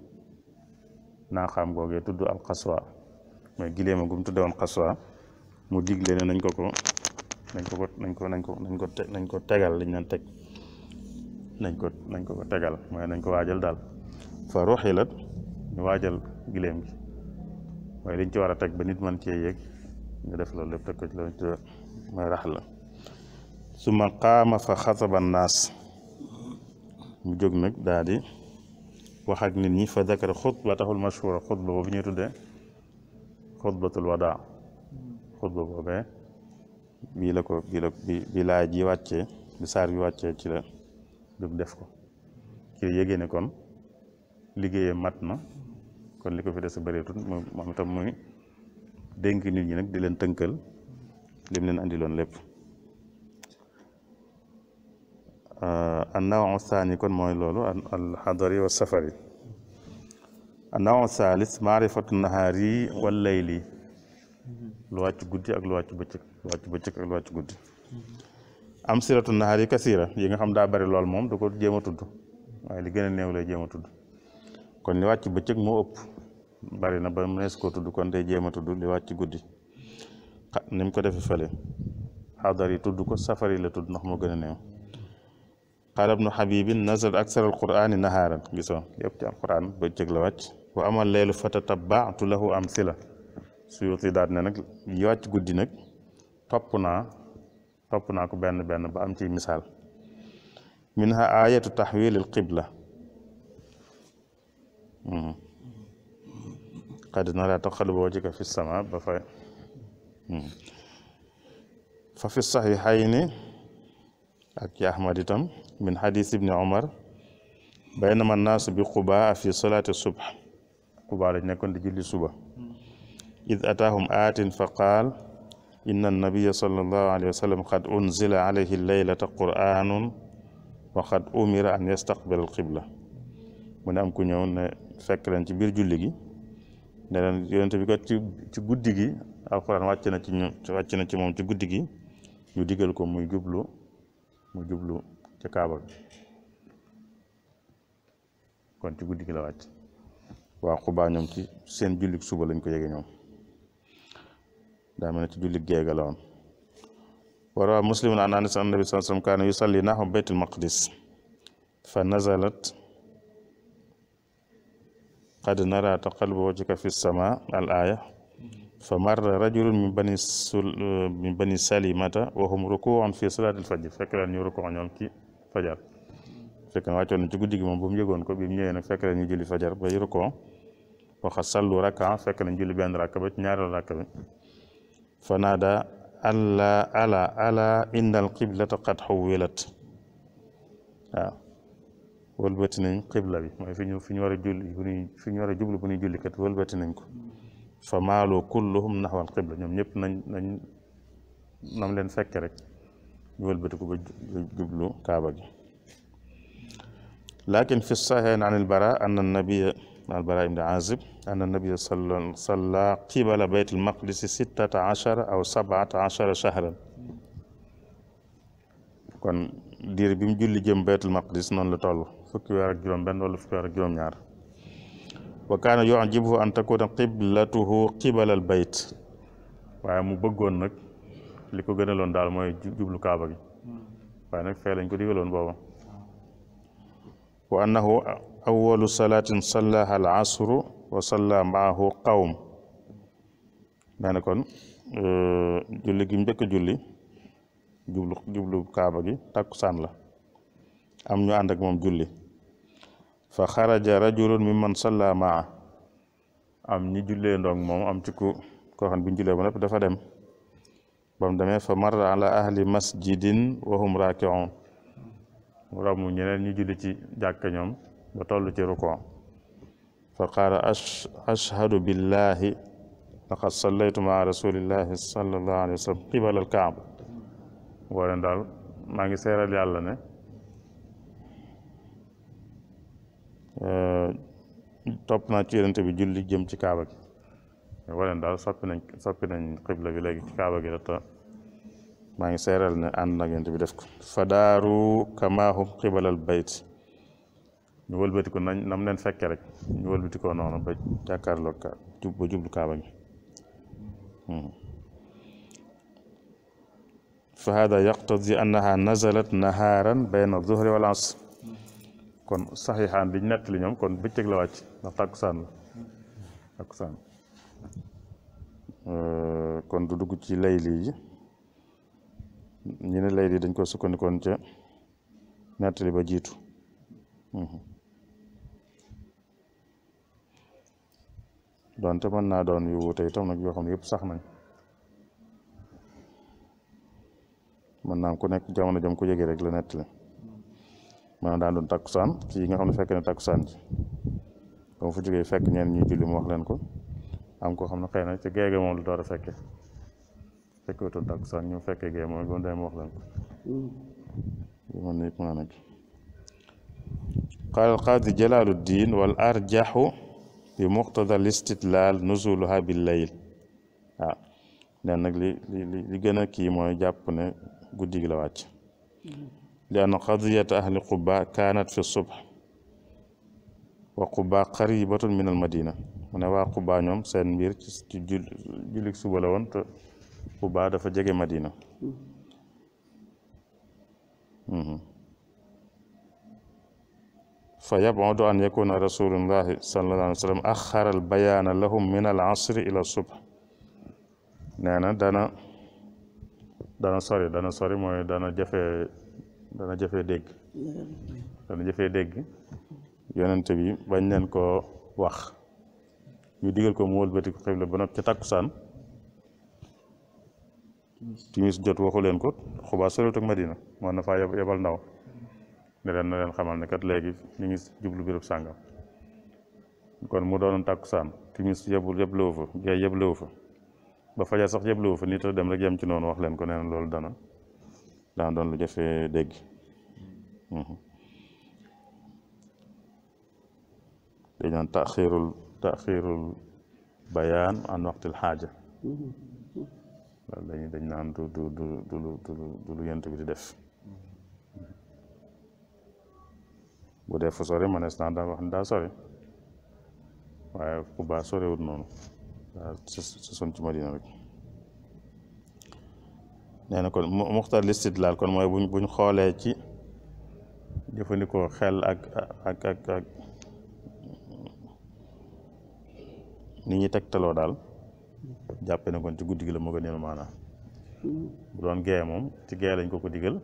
naaxaam googee tudd al qaswa mooy gileema gum tudde woon qaswa mu digle ne nañ ko nañ ko ko nañ ko nañ ko nañ ko nañ ko tegal liñ leen teg nañ ko nañ ko ko tegal mooy nañ ko waajal daal fa ruxilat ñu waajal giléem gi mooy liñ ci war a teg ba nit mën cee yéeg ñu def loolu lépp teg ko ci loolu ci mooy rax la suma qaama fa xataba naas mu jóg nag daal di wax ak nit ñi fa dakara xutbataxul mashhura xutba boobu ñuy tuddee xutbatul wadaa xutba boobee bii la ko bii la bi laay ji wàccee bi saar bi wàccee ci la jóg def ko ci yëgee ne kon liggéeyee mat na kon li ko fi des a moom itam muy dénk nit ñi nag di leen tënkal lim leen andiloon lépp euh, annaaw saani kon mooy loolu alxadari wa safari annaaw saalis maarifatu nahaari wal layli lu wàcc guddi ak wàcc bëccëg wàcc bëccëg wàcc guddi am siratu naxaar yi kasiira yi nga xam daa bari lool moom da ko jéem a tudd waaye li gën a néew lay jéem tudd kon li wàcc bëccëg moo ëpp bari na ba mënees koo tudd kon day jéem a tudd li wàcc guddi ni ko defee fële xadar tudd ko safari la tudd ndax moo gën a néew xaalab nu xabibin nazal aksar alqurani naxaaran gisoo yëpp ci alquran bëccëg la wàcc wa amal leelu fata tabaatu lahu am sila suyuti daal ne nag yi guddi nag topp naa topp naa ko benn benn ba am ci misaal minha ayatu taxwilil qibla hmm. qad nara taqalluba wajhika fi sama ba fa hmm. fa fi saxiixayni ak ci ahmad itam min xadis ibni omar baynama naasu bi qubaa fi salaati subh qubaa lañ nekkoon di julli suba id ataahum aatin fa qaal inna annabiya sallallahu alayhi wa sallam qad unzila alayhi laylata qur'anun wa qad umira an alqibla mu ne ku ñëw ne fekk leen ci biir julli gi ne leen yonente bi kat ci ci guddi gi na ci moom ci guddi gi ñu digal ko muy jublu muy jublu ca kaaba bi kon ci guddi la wàcc waa xubaa ñoom ci seen julli suba lañ ko yege ñoom daa na ci julli géega la woon warawaa muslimun an anas an nabi sallam kaana yusalli nahwa baytul maqdis fa nazalat qad nara taqallub wajhika fi sama al aya fa marra rajulun min bani sul min bani salimata wa hum rukuun fi salaatil fajr fekk leen ñu rukuun ñoom ci fajar fekk na wàccoon na ci moom bu yëgoon ko bi mu ñëwee nag fekk leen ñu julli fajar bay rukuun waxa sallu rakka fekk nañ julli benn rakka ba ci ñaareelu rakka فنادى ألا ألا ألا إن القبلة قد حولت waaw wëlbati nañ qibla bi mooy fi ñu fi ñu war a julli bu ñuy fi ñu war a jublu bu ñuy julli kat wëlbati nañ ko fa maaloo kulluhum naxwal qibla ñoom ñëpp nañ nañ nam leen fekke rek ñu wëlbati ko ba jublu kaaba gi lakin fi saxeen an al bara anna nabiya عن البراء بن عازب أن النبي صلى صلى قبل بيت المقدس ستة عشر أو سبعة عشر شهرا kon diir bi mu julli jëm baytul maqdis noonu la toll fukki weer ak juróom benn wala fukki weer ak juróom ñaar wa kaana yujibuhu an takuna qiblatuhu qibala al bayt waaye mu bëggoon nag li ko gënaloon daal mooy jublu kaaba gi waaye nag fee lañ ko digaloon booba wa annahu awalu salaatin sallaha al asru wa salla maahu qawm daane kon euh, julli gi njëkk julli jublu jublu kaaba gi takkusaan la am ñu ànd moom julli fa xaraja rajulun mimman salla maa am ñi jullee ndoog moom am ci ku koo xam jullee ba noppi dafa dem ba demee fa marra ala ahli masjidin wa hum raaki'un ramu ñeneen ñu julli ci jàkka ñoom ba toll ci rukoo fa qaala ashhadu billahi laqad sallaytu maa rasulillahi sallallahu alayhi wa sallam qibala al kaaba wala daal maa ngi seeral yàlla ne eh, topp naa ci yonente bi julli jëm ci kaaba gi waleen daal soppi nañ soppi nañ xibla bi léegi ci kaaba gi data maa ngi seeral ne ànd nag yonente bi def ko fa daaru kama hum qibalal bayt ñu wëlbati nañ nam leen fekkee rek ñu wëlbati noonu ba jàkkaarloo ka ba jublu kaaba gi hmm. fa hada yaqtadi annaha nazalat nahaaran bayna zuhri wal asr kon saxiixaan bi ñu nettali ñoom euh, kon du dugg ci layli yi ñu ne layli dañ ko sukkandikoon ca nettali ba jiitu hmm. te mën naa doon yu wuute itam nag yoo xam yëpp sax nañ mën naa ku nekk jamono jëm ko yëgee rek la nettali maanaam daan doon takkusaan ci yi nga xam ne fekk ne takkusaan ji ba mu fa fekk ñeen ñu julli mu wax leen ko am koo xam ne xëy na ci géege moom lu door a fekke fekke wutoon takkusaan ñu fekke géege moom ba mu demee mu wax leen ko yu mën na yëpp maa diin wal arjaxu bi muqtada al istidlaal nuzuluha bil layl waaw leen li li li gën a kii mooy jàpp ne guddi gi la wàcc li anna qadiyata ahli quba kaanat fi subh wa quba qaribatun min al madina mu ne waa quba ñoom seen mbir ci jullik suba la woon te quba dafa jege madina mm-hmm. Mm-hmm. fa yabudu an yakuna rasulullahi sallallahu alayhi wa sallam axara al bayaana lahum min al asri ila subh nee dana dana sori dana sori mooy dana jafe dana jafe dégg dana jafe dégg yonent bi bañ leen ko wax ñu digal ko mu wëlbati ko xibla ba noppi ca tàkkusaan timis jot waxu leen ko Xubaa soriwut ak Madina mën na faa yebal ndaw ne leen na leen xamal ne kat léegi ñu ngi jublu birub sàngam kon mu doon tàkkusaan timis yebul yeblewu fa gee yeblewu fa ba fajar sax yeblewu fa nit a dem rek yem ci noonu wax leen ko neen loolu dana dana doon lu jafee dégg mhm. dañ naan taxirul taxirul bayaan an waxtil xaaja dañ mhm. dañ naan du du du du lu yent bi def bu dee fu sori mënees naa daa wax ne daa sori waaye Kuba soriwut noonu daa sosoon ci Madina rek nee na kon muxtar listidlaal kon mooy buñ buñ xoolee ci jëfandikoo xel ak ak ak ak ni ñuy daal jàppe na kon ci guddi gi la moo gëneel maanaam bu doon gee moom ci gee lañ ko ko digal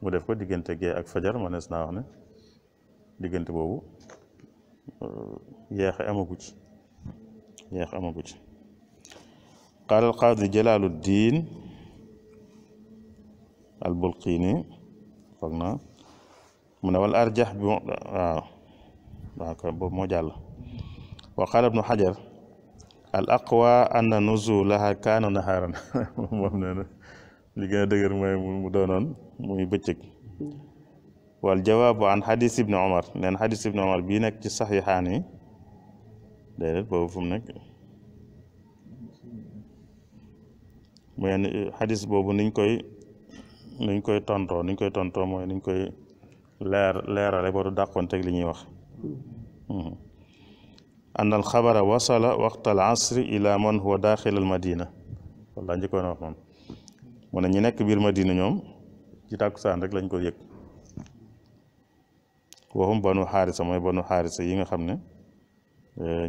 mu def ko diggante gee ak fajar mënees naa wax ne diggante boobu yeexe amagu ci yeexe amagu ci qaala al qaadi jalaaluddin al bulqiini foog na mu ne wal arjax bi waaw wa qaala ibnu xajar al aqwa anna nuzulaha kaana naxaaran moom nee na li gën a dëgër mooy mu doonoon muy wal jawaabu an xadis ibni omar neen xadis ibni omar bii nekk ci saxiixaan yi déedéet boobu fu nekk mooy boobu niñ koy niñ koy tontoo niñ koy tontoo mooy niñ koy leer leerale li ñuy wax hmm. an al xabara wasala waqta al man huwa daaxil al madina nekk biir madina ñoom ci tàkkusaan rek lañ ko yëg وهم بنو حارس ما بنو حارس ييجا خم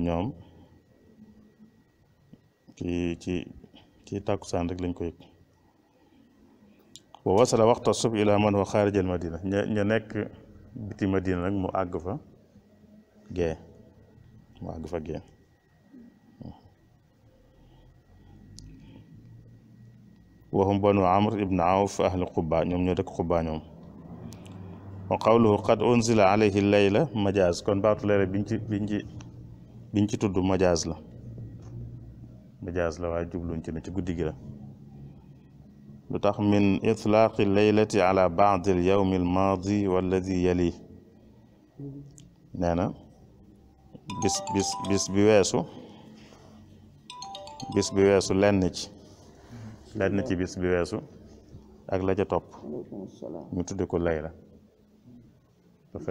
نيوم كي كي كي تاكو ساندك لينكو يك ووصل وقت الصبح إلى من هو خارج المدينة ن نك بتي مدينة نك مو أقفا جا مو أقفا جا وهم بنو عمرو ابن عوف أهل قباء نيوم نيوم وقوله قد أنزل عليه الليلة مجاز كون بعض ليلة بنتي بنتي بنتي تود مجاز له مجاز له واجب لون كنا تقول دقيرة لتخ من إطلاق الليلة على بعض اليوم الماضي والذي يليه نعم بس بس بس بيواسو بس بيواسو لنج لنج بس بيواسو أغلاجة توب متودك الليلة قلت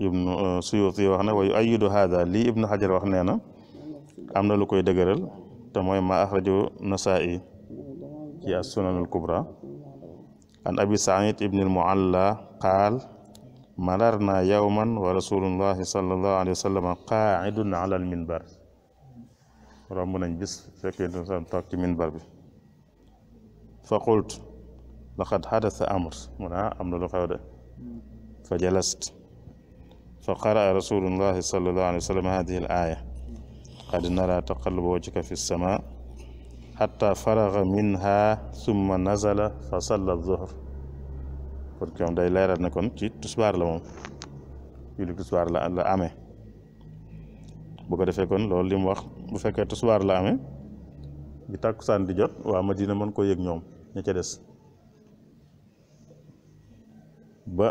ابن سيوطي وحنا ويؤيد هذا لي ابن حجر وحنا انا امنا لكو يدقرل تموي ما اخرجو نسائي يا السنن الكبرى عن ابي سعيد ابن المعلى قال مررنا يوما ورسول الله صلى الله عليه وسلم قاعد على المنبر romb nañ bis fekk yonent bi sallam toog ci minbar bi fa qultu laqad xadasa amr mu ne am na lu xew de fa jalast fa qaraa rasulullahi sallallahu alayhi wa sallam hadihi al aaya qad nara taqallaba wajhika fi lsama xata faraga minha summa nazala fa salla zuhr pour que moom day leeral ne kon ci tusbaar la moom julli tusbaar la la amee bu ko defee kon loolu li mu wax bu fekkee tisbaar la amee bi tàkkusaan di jot waa Madina mën koo yëg ñoom ña ca des ba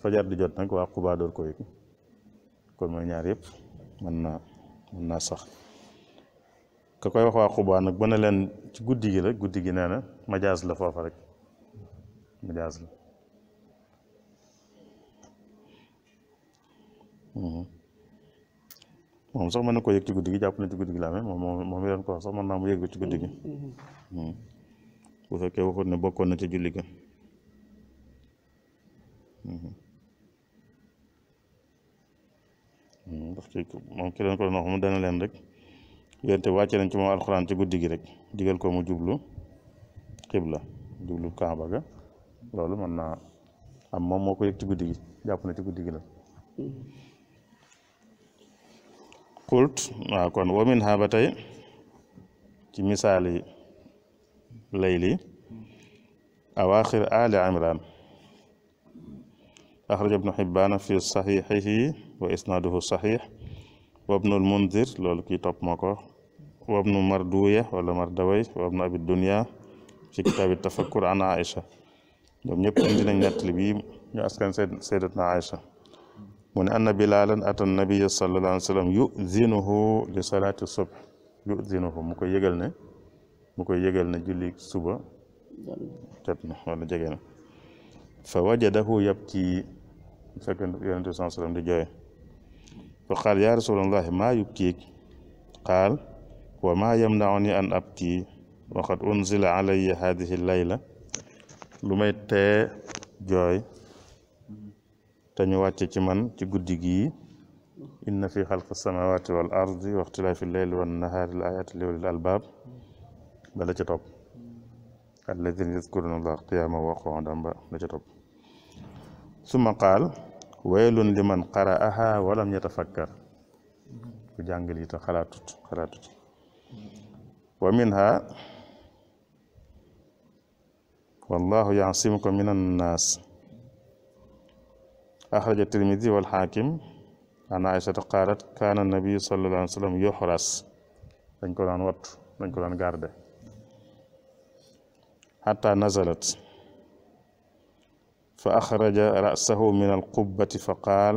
fajar di jot nag waa Quba door ko yëg kon mooy ñaar yëpp mën naa mën naa sax ka koy wax waa Quba nag ba ne leen ci guddi gi la guddi gi nee na majaas la foofa rek majaas la hmm. moom sox ma na koo yëg ci guddigi gi jàpp na ci guddi gi laa amee moom moom leen ko wax sax mën naa mu yëg ci guddi mm-hmm. Mm-hmm. Mm-hmm. fekkee waxoon ne bokkoon na ci julli ga ndax ci moom ki leen ko doon wax mu dana leen rek yonte wàcce nañ ci moom alxuraan ci guddi rek digal ko mu jublu xibla jublu kaaba ga loolu mën naa am moom moo ko yëg ci guddi jàpp na ci guddi la kult waaw kon wamin ha ba tey ci misaali layli awaaxir ali imran axraja ibnu xibbaana fi saxiixihi wa isnaaduhu saxiix wa ibnul mundir loolu kii topp moo ko wa ibnu marduya wala mardaway wa ibnu abi dunia ci kitaabi tafakkur an aïcha ñoom ñëpp indi nañ nettali bii ñu askan saydatna aïcha mu ne anna bilaalan ata nabiyya sallallahu alayhi li salaati subh yuzinuhu mu koy yëgal ne mu koy yëgal ne suba jot na wala jege na fa wajadahu yabki fekk yonent bi sallallahu fa qaal yaa rasulallahi maa yubkiik qaal wa maa yamnauni an abki wa qad unzila hadihi layla lu may tee jooy تاني واتي تمن تي غودي ان في خلق السماوات والارض واختلاف الليل والنهار الايات لاولي الالباب بلا تي توب الذين يذكرون الله قياما وقعودا بلا تي توب ثم قال ويل لمن قراها ولم يتفكر جانغلي تا خلاتوت خلاتوت ومنها والله يعصمكم من الناس axraja tirmidi wal xaakim an aïchata qaalat kaana nabi sallallahu alayhi wa sallam yuxras dañ ko daan wattu dañ ko daan garde xata nazalat fa axraja rasahu min alqubbati fa qaal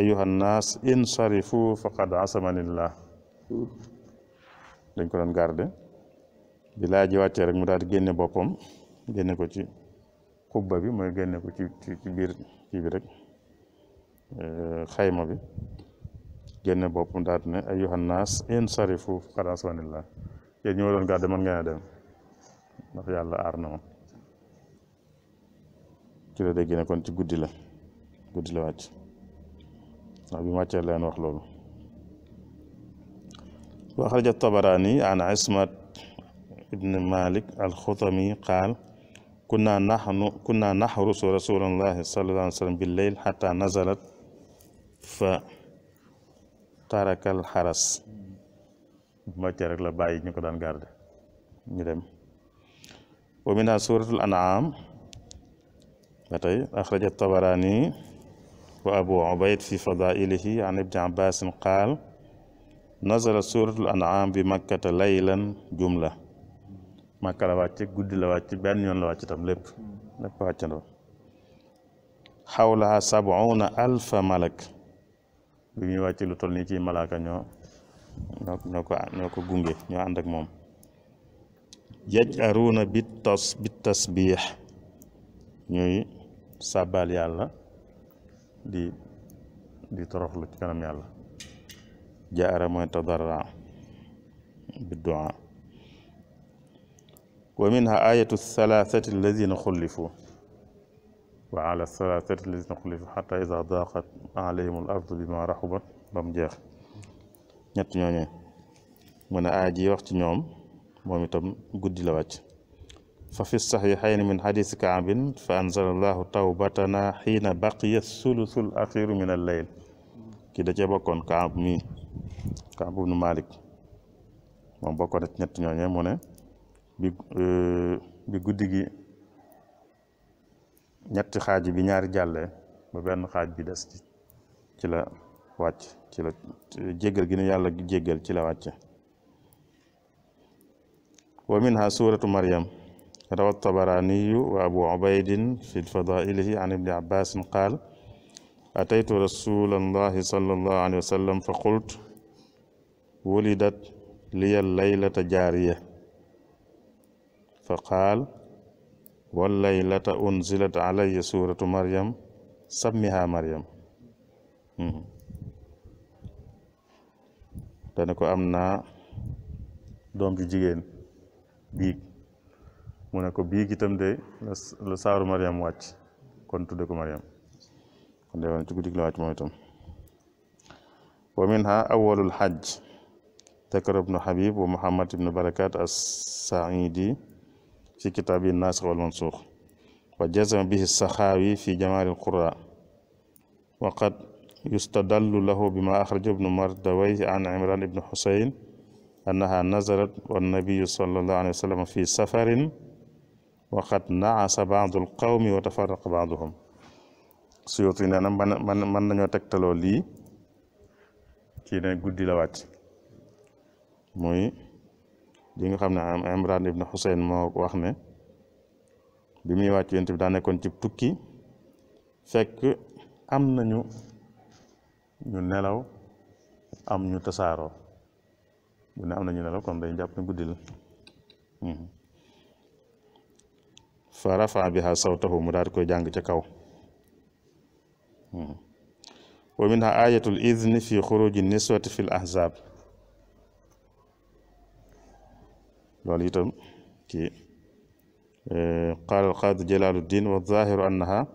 ayuha nnaas insarifu faqad asamanillah dañ ko doon garde bi mu daal di génne boppam génne ko ci qubba bi mooy génne Euh, xayma bi génne boppam daal ne ay yohannas insarifu qad asranillah yéen ñi ma doon gàdde mën a dem ndax yàlla aar na ma ci la dégg ne kon ci guddi la guddi la wàcc ndax bi wàccee wax loolu wa axraja tabaraani an ismat ibn malik alxutami qaal kunna nahnu kunna nahrusu leyl xata nazalat فترك الحرس ما ترك لباي نيكو دان غارد ني ديم ومن سوره الانعام باتاي اخرج الطبراني وابو عبيد في فضائله عن ابن عباس قال نزل سوره الانعام بمكه ليلا جمله مكه لا واتي غودي لا واتي بن يون لا واتي تام لب حولها سبعون ألف ملك bi muy wàcc lu toll nii ci malaaka ñoo ñoo ko gunge ñoo ànd moom yajaruuna bi tas bi tasbiix ñuy sàbbaal yàlla di di toroxlu ci kanam yàlla jaara mooy tadarra bi duaa wa minha ayatu thalathati alladina xullifu wa ala salaasati llati nuxlifu xata ida daqat alayhim al bima raxubat ba mu jeex ñett ñooñu mu ne aaya ci ñoom moom itam guddi la wàcc fa fi saxiixayn min xadiisi kaabin fa anzala llahu tawbatana xiina baqiya sulusul axiru min al kii da cee bokkoon kaab mi kaab ibnu malik moom bokkoon ñett ñooñu mu bi guddi gi ñett xaaj bi ñaari jallé ba benn xaaj bi dess ci la wàcc ci la jéggal gi nu yàlla jéggal ci la wàcc wa minha suratu maryam rawa الطبراني وأبو عبيد في فضائله عن ابن عباس قال أتيت رسول الله صلى الله عليه وسلم فقلت ولدت لي الليلة جارية فقال wallaylata unzilat alayya suratu maryam sammiha maryam hmm. dana ko am naa doom ju jigéen biig mu ne ko biig itam de la saaru maryam wàcc kon tudde ko kon de wane ci la wàcc moom itam wa minha awwalul hajj dakar ibnu habib wa muhammad ibnu barakat as saidi في كتاب الناسخ والمنسوخ وجزم به السخاوي في جمال القراء وقد يستدل له بما أخرج ابن مردويه عن عمران بن حسين أنها نزلت والنبي صلى الله عليه وسلم في سفر وقد نعس بعض القوم وتفرق بعضهم suyuti من من من man mën nañoo tegtaloo lii ci ji nga xam ne Imran ibn Xuseyn moo wax ne bi muy wàcc yonent bi daa nekkoon ci tukki fekk am nañu ñu nelaw am ñu tasaaroo bu ne am nañu nelaw kon dañ jàpp ne guddi la mhm. fa rafa biha sawtahu mu daal di koy jàng ca kaw mhm. wa minha ayatul izni fi xuruji niswati fil ahzab loolu itam ci e, qaala alqaadi jalaaluddin wa zaahiru annaha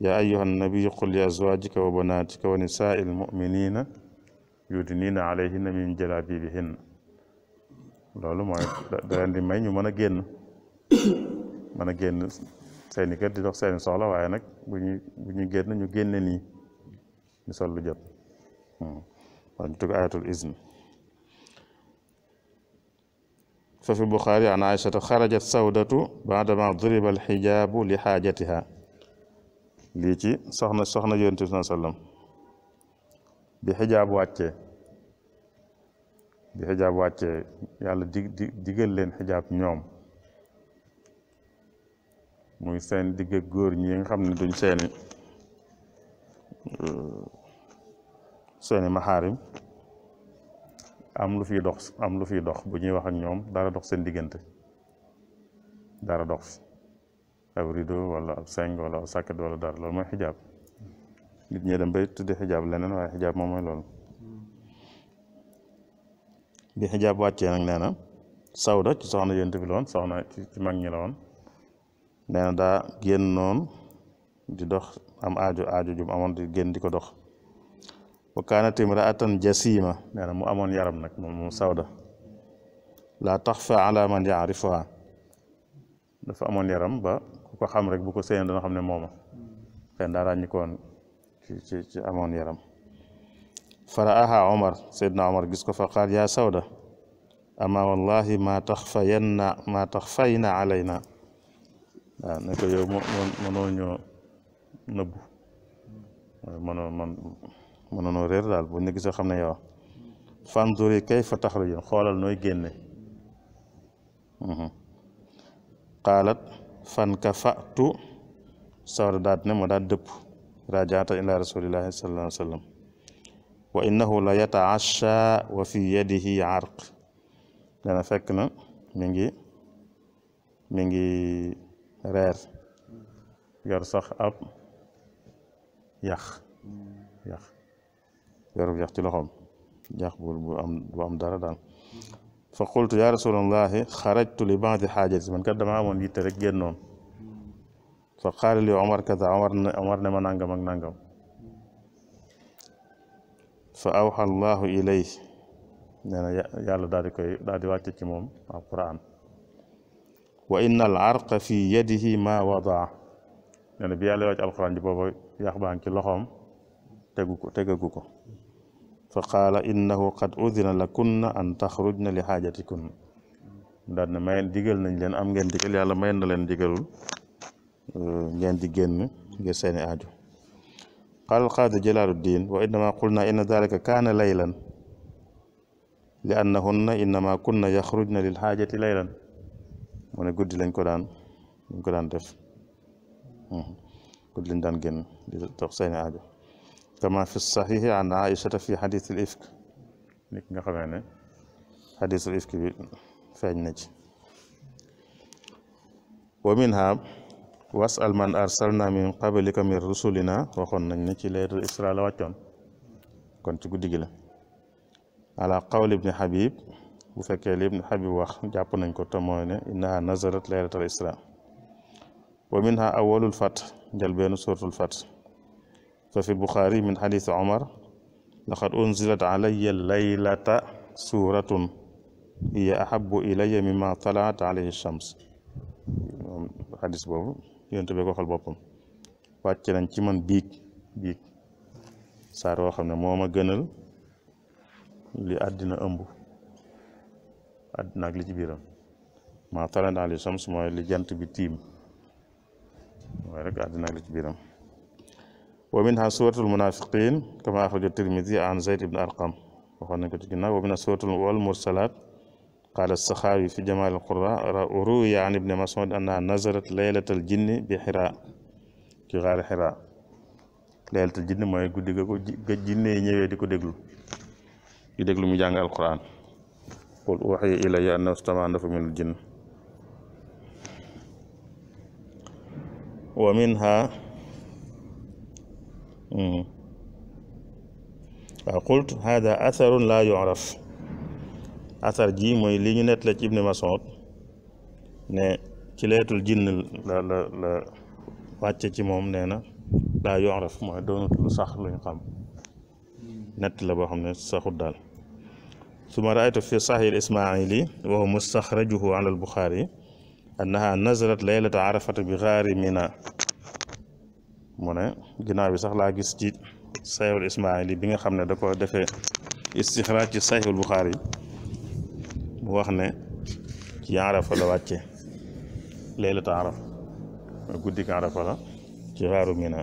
yaa ayyuha annabiyu qul li azwaajika wa banaatika wa nisaai almuminina yudniina alayhinna min jalaabibihinna loolu mooy da leen di may ñu mën a génn mën a génn seeni kër di dox seeni soxla waaye nag bu ñu bu ñu génn ñu génne nii sol lu jot hmm. waaw ñu fa fi Buxaari an Aysata xarajat sawdatu baadama duriba alxijaabu li xaajatiha lii ci soxna soxna yonent sa sallam bi xijaab wàccee yàlla dig digal leen xijaab ñoom muy seen digg ak góor ñi nga xam ne duñ seeni euh, seeni maxaarim am lu fi dox am lu fiy dox bu ñuy wax ak ñoom dara dox seen diggante dara dox fi ab rideau wala ab seng wala ab sàkket wala dara loolu mooy xijaab nit ñee dem tuddi xijaab leneen waaye xijaab moom mooy lool bi xijaab wàccee nag nee na sawda ci soxna yonent bi la soxna ci mag ñi la woon nee na daa génn noonu di dox am aaju aaju jum amoon di génn di ko dox وكانت امرأة جسيمة يعني مو أمون يارم نك مو لا تخفى على من يعرفها دفا أمون يارم با كوكو خام رك بوكو سين دانا خامني موما كان دارا نيكون تي تي تي فرآها عمر سيدنا عمر جسكو فقال يا سودة أما والله ما تخفين ما تخفين علينا يعني نكو يو منو نيو نبو منو منو mënoonoo réer daal buñ la gisoo xam ne yow fanduri kayfa taxruju xoolal nooy génne qaalat fankafa'tu sawra daat ne ma daat dëpp rajaata ila rasulillahi sallallahu alayhi wa sallam wa innahu la yataasha wa fi yadihi arq dana fekk na mi ngi mi ngi reer yor sax ab yax yax يرب يخت لهم جاك بول بام بام دارا دان فقلت يا رسول الله خرجت لبعض حاجات من كده معه من يترك جنون فقال لي عمر كذا عمر عمر نما نانجا نعم مان نانجا نعم فأوحى الله إليه نانا يا الله دارك دارك واتي كموم القرآن وإن العرق في يده ما وضع نانا يعني بيا الله واتي القرآن جبوا يا أخبان كلهم تجوكو تجوكو فقال إنه قد أذن لكن أن تخرجن لحاجتكن دارنا ما ينديجل نجلن أم ينديجل يلا ما ينلن ديجل ينديجن جسني أجو قال قاد جلال الدين وإنما قلنا إن ذلك كان ليلا لأنهن إنما كنا يخرجن للحاجة ليلا من قد لين قران قران دف قد لين دان جن تقصيني أجو كما في الصحيح عن عائشة في حديث الإفك حديث الإفك في النجي ومنها واسأل من أرسلنا من قبلك من رسولنا وخن نجي لير إسراء لواتون كنت قد على قول ابن حبيب وفكال ابن حبيب وخ جابون انكو تموين إنها نزلت لير إسراء ومنها أول الفتح جلبين سورة الفتح ففي البخاري من حديث عمر لقد أنزلت علي الليلة سورة هي أحب إلي مما طلعت عليه الشمس حديث بابو ينتبه بقول بابو واتشان كمان بيك بيك صار وخم نموما جنل اللي أدنى أمبو أدنى قلت بيرم ما طلعت عليه الشمس ما اللي جنت بتيم ورق أدنى قلت بيرم ومنها سورة المنافقين كما أخرج الترمذي عن زيد بن أرقم ومنها سورة المرسلات قال السخاوي في جمال القراء روي عن ابن مسعود أنها نزلت ليلة الجن بحراء في غار حراء ليلة الجن ما يقول ديكو جن ينيو يديكو ديكو يديكو مجانا القرآن قل أوحي إلي أن استمع نفع من الجن ومنها فقلت آه، هذا أثر لا يعرف أثر جي موي لي ني نيت لا ابن مسعود ني تي ليتول لا لا لا واتي نينا لا يعرف موي دونوت لو صح لو خام نت لا دال ثم رأيت في صحيح الإسماعيلي وهو مستخرجه على البخاري أنها نزلت ليلة عرفة بغار منى mu ne ginnaaw bi sax laa gis ci saxiixul ismaayili bi nga xam ne da ko defee istixraaj ci saxiixul buxaari mu wax ne ci arafa la wàcce leylatu arafa guddik arafa la ci xaaru mina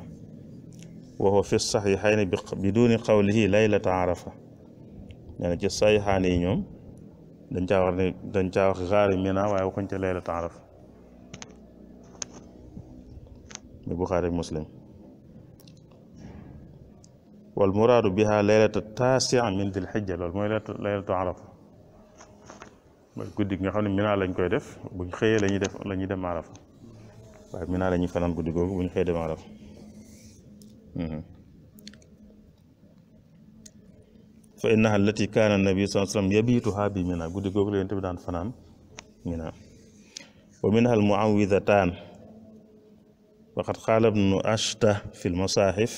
wa huwa fi saxiixayni bi duuni qawlihi leylatu arafa nee na ci saxiixaani yi ñoom dañ caa wax ne dañ caa wax xaaru mina waaye waxuñ ca leylatu arafa bi buxaari muslim والمراد بها ليلة التاسع من ذي الحجة loolu mooy laylatu arafa mooy guddi gi nga xam ne Mina lañ koy def buñ xëyee la ñuy def la ñuy dem arafa waaye Mina la ñuy fanaan guddi googu buñ xëyee dem arafa fa innaha allati kaana nabi saa sallam yabiituha bi Mina guddi googu la Yonent bi daan fanaan Mina wa minha al muawwidataan waqad qaala ibnu ashta fi l masaahif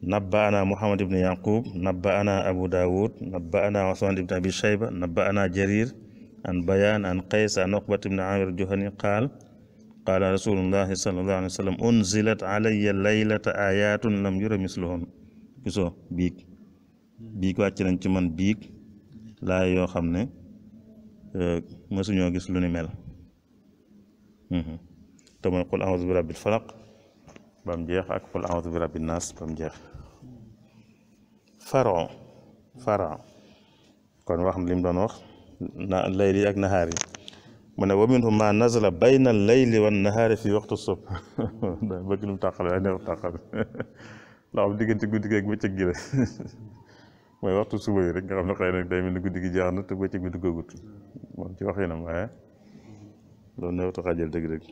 نبأنا محمد بن يعقوب نبأنا أبو داود نبأنا عثمان بن أبي شيبة نبأنا جرير عن بيان عن قيس عن عقبة بن عامر الجهني قال قال رسول الله صلى الله عليه وسلم أنزلت علي الليلة آيات لم ير مثلهم gisoo بيك بيك wàcc نتمن بيك لا يو laay ما xam ne euh, mësuñoo gis lu ni أعوذ برب الفلق qul a'udhu bi rabbil falaq bam jeex ak qul faron faron kon wax li mu doon wax na layli ak nahaari mu ne wa minhum ma nazala bayna al-layli wa an-nahaari fi waqti as-subh bëgg lu mu tàqale waaye neex tàqale loo xam diggante guddi gi ak bëccëg gi la mooy waxtu suba yi rek nga xam ne xëy na day mel ni guddi gi jeex na te bëccëg bi duggagut moom ci waxinam waaye loolu neex taxaajal dëgg-dëgg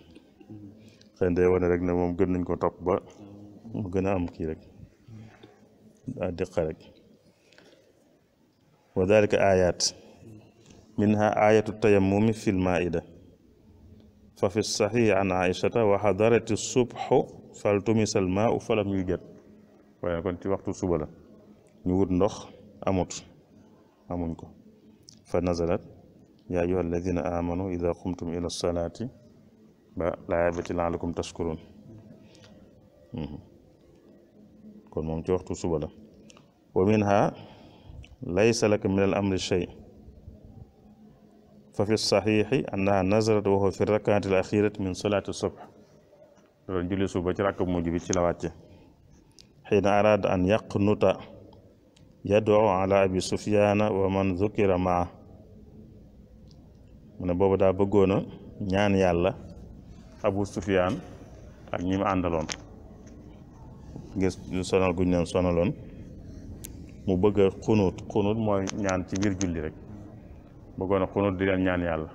xëy na day wane rek ne moom gën nañ ko topp ba mu gën a am kii rek دقرق وذلك آيات منها آية التيمم في المائدة ففي الصحيح عن عائشة وحضرت الصبح فالتمس الماء فلم يجد ويكون في وقت الصبح نقول نخ أموت أمونكو فنزلت يا أيها الذين آمنوا إذا قمتم إلى الصلاة لا يبتل عليكم تشكرون كون موم تي وقتو سوبا لا ومنها ليس لك من الامر شيء ففي الصحيح انها نزلت وهو في الركعه الاخيره من صلاه الصبح رجل جولي سوبا تي راك موجي بي تي حين اراد ان يقنط يدعو على ابي سفيان ومن ذكر معه من بابا دا بغونا نيان يالا ابو سفيان ak ñi mu gis sonal guñ leen sonaloon mu bëgg a xunut xunut mooy ñaan ci biir julli rek bëggoon a xunut di leen ñaan yàlla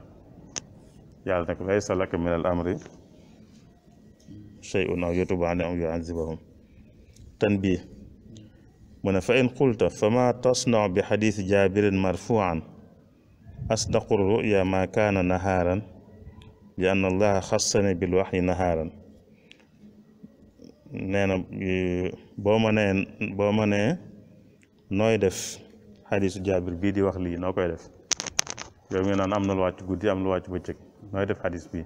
yàlla nag laysa laka min al amri shay'un aw yatuba anhum aw yu'adhibahum tanbih mu ne fa in qulta fa ma tasnau bi xadiisi jaabirin marfuan asdaqu ruya ma kaana nahaaran li anna allaha xassani bil waxyi nahaaran nee na e, boo ma nee boo ma nee nooy def xadiisu jaabir bii di wax lii noo koy def yow nga naan am na lu wàcc guddi am lu wàcc bëccëg nooy def xadiis bi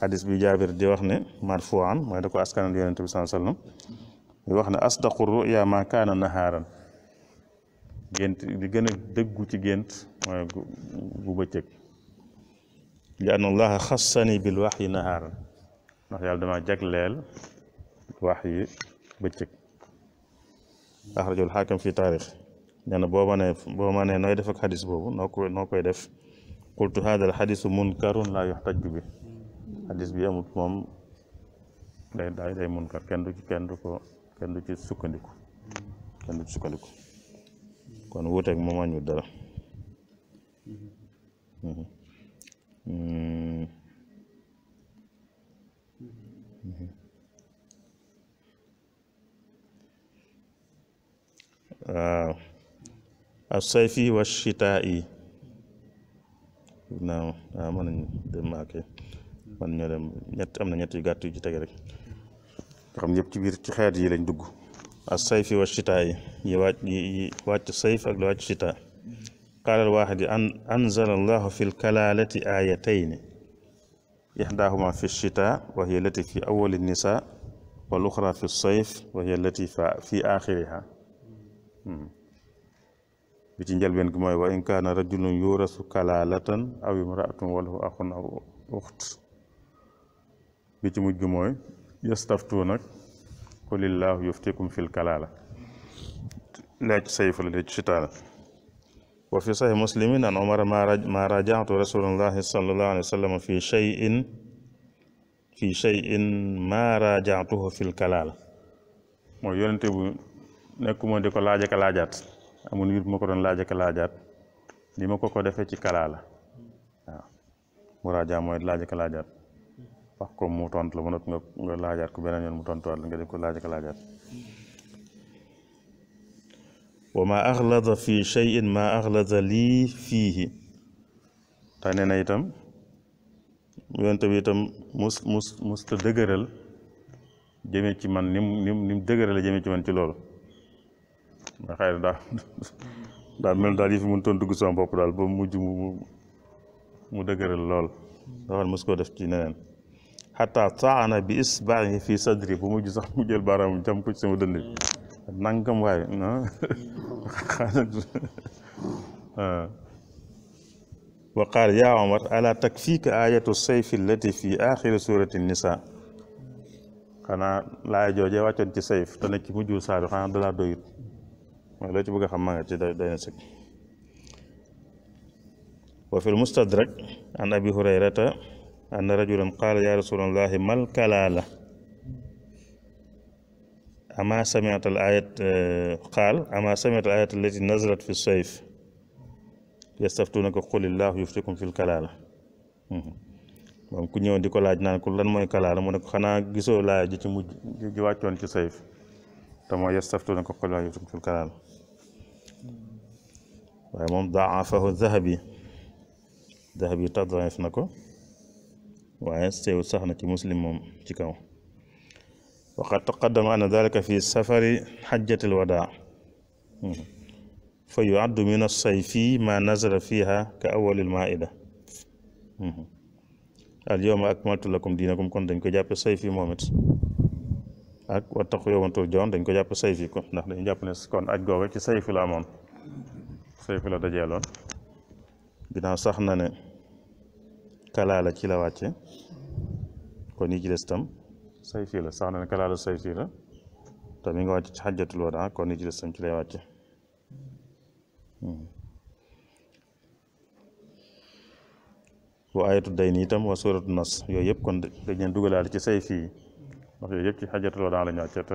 xadiis bi jaabir di wax ne marfuan mooy da ko askanal yonente bi sallallahu alayhi di wax ne asdaqu ruya ma kaana nahaaran gént di gën dëggu ci gént mooy gu bëccëg li anna allaha xassani bil waxyi nahaaran ndax yàlla dama jagleel وحي بيتك أخرج الحاكم في تاريخ لأن بوما نه نوي في حديث بوما نوكو نوكو يدف قلت هذا الحديث منكر لا يحتج به حديث بيه مطمم لا يدعي دي منكر كندو كي كندو كو كندو كي سكنديكو كندو كي سكنديكو كون ووتك موما نيو دارا Mm-hmm. Mm-hmm. mm-hmm. waaw as-sayfi wa shitaa'i naaw waaw mën nañ dem maake man ñoo dem ñett am na ñett yu gàtt yu ci tege rek nga xam yëpp ci biir ci xeet yi lañ dugg as-sayfi wa shitaa'i yi wàcc yi wàcc sayf ak lu wàcc shitaa قال الواحد أن أنزل الله في الكلالة آيتين إحداهما في الشتاء وهي التي في أول النساء والأخرى في الصيف وهي التي في آخرها bi ci njëlbeen gi mooy wa in kaana rajulun yurasu kalaalatan aw imraatun walahu axun aw uxt bi ci mujj gi mooy yastaftuunak qulillaahu yuftikum fil kalaala laa ci sayf la ci sitaana wa fi saxi muslimin an umara ma rajaatu rasulullahi sallallahu alayhi wa sallam fi cheyin fi cheyin ma rajaatuhu fil kalaala mooy yonente nekkuma di ko laaj ak laajaat amul mbir ma ko doon laaj ak laajaat li ma ko ko defee ci kalaa la waaw muraaja mooy laaj ak laajaat wax kom mu tontu la ba noppi nga laajaat ko beneen yoon mu tontuwaat la nga def ko laaj ak laajaat wa ma axlada fi cheyin ma axlada lii fiihi te nee na itam yonent bi itam mus mus mus ta dëgëral jëmee ci man ni mu ni mu dëgërale jëmee ci man ci lool ma xëy na daal daal mel daal yi fi mënutoon dugg sama bopp daal ba mujj mu mu dëgëral lool daxal mos koo def ci neneen xataa saana bi isbaahi fii sadri bu mujj sax mu jël baaraam jam ko ci sama dënd bi nangam waaye wa qaal yaa omar ala takfiika ayatu sayfi allati fi axiri surati nisa xanaa laaya joojee wàccoon ci sayf te nekk ci mujj saar bi xanaa dalaa doyut ولكن بقى خمّان جدا دينسك. وفي المستدرك عن أبي هريرة أن رجلا قال يا رسول الله ما الكلالة أما سمعت الآية آه، قال أما سمعت الآية التي نزلت في الصيف يستفتونك قل الله يفتكم في الكلالة ممكن يوم دي كلاج نان كل ما يكلالة من خنا جسوا لا جت مج جواتون كسيف تما يستفتونك قل الله يفتكم في الكلالة ومن ضعفه الذهبي ذهبي تضعف نكو ويستيو سهنة مسلم تكو وقد تقدم أن ذلك في سفر حجة الوداع فيعد من الصيفي ما نزل فيها كأول المائدة اليوم أكملت لكم دينكم كنت دينكو جاب الصيفي مومت أك واتقوا يوم تلجون دينكو جاب الصيفي كنت نحن جابنس كنت أجوغي كي صيفي لامون Sayfu la dajeeloon ginnaaw sax na ne kalaala ci la wàcce kon yi ci des tam Sayfi la sax na ne kalaala Sayfi la te mi ngi wàcc ci xajjatul wadaa kon yi ci des tam ci lay wàcce wa ayatu day ni itam wa suratu nas yooyu yëpp kon dañ ci Sayfi yi ndax ci xajjatul wadaa la ñu wàcce te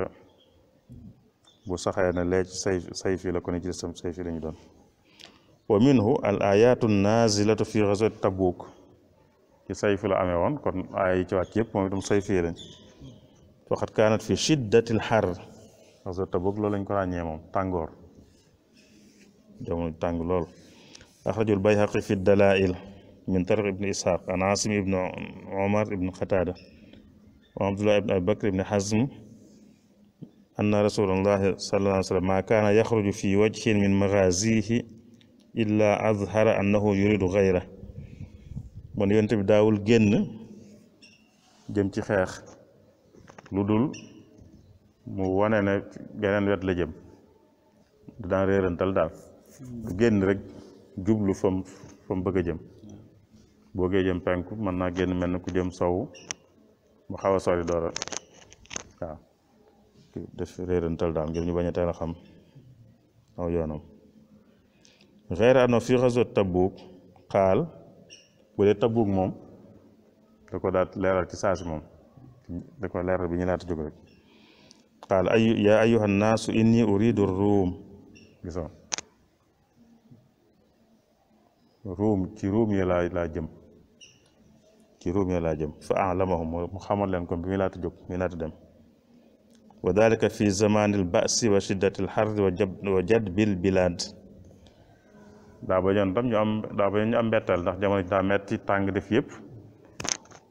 bu saxee ne lee ci Sayfi la kon yi ci des tam Sayfi la ñu doon ومنه الآيات النازلة في غزوة تبوك كي سيف الأميون كون آية تواكيب ومتم سيفيرين وقد كانت في شدة الحر غزوة تبوك لولا نكرا نيمون تانغور جمعون تانغ لول أخرج البيهقي في الدلائل من طريق ابن إسحاق عن عاصم ابن عمر ابن قتادة وعبد الله ابن أبي بكر ابن حزم أن رسول الله صلى الله عليه وسلم ما كان يخرج في وجه من مغازيه إلا أظهر أنه يريد غيره من ينتبه داول جن جم تخيخ لدول موانا بيانان ويات لجم دان ريران تل دان جن رك جبل فم فم بغا جم بغا جم پانكو مننا جن مننكو جم سو مخاوة سوالي دورا دف ريران تل دان جم نبانيا تل خم أو يوانو غير أنه في غزوة تبوك قال بدا تبوك موم دكو دا لير كيساج موم دكو لير بي نيلات جوغل قال اي يا ايها الناس اني اريد الروم غيسو روم تي روم يلا لا جيم تي روم يلا جيم فاعلمهم مو خامل بي نيلات جوغ مي نات ديم وذلك في زمان الباس وشده الحر وجد بالبلاد daa ba ñoon tam ñu am daa ñu am mbetteel ndax jamono daa metti tàng def yëpp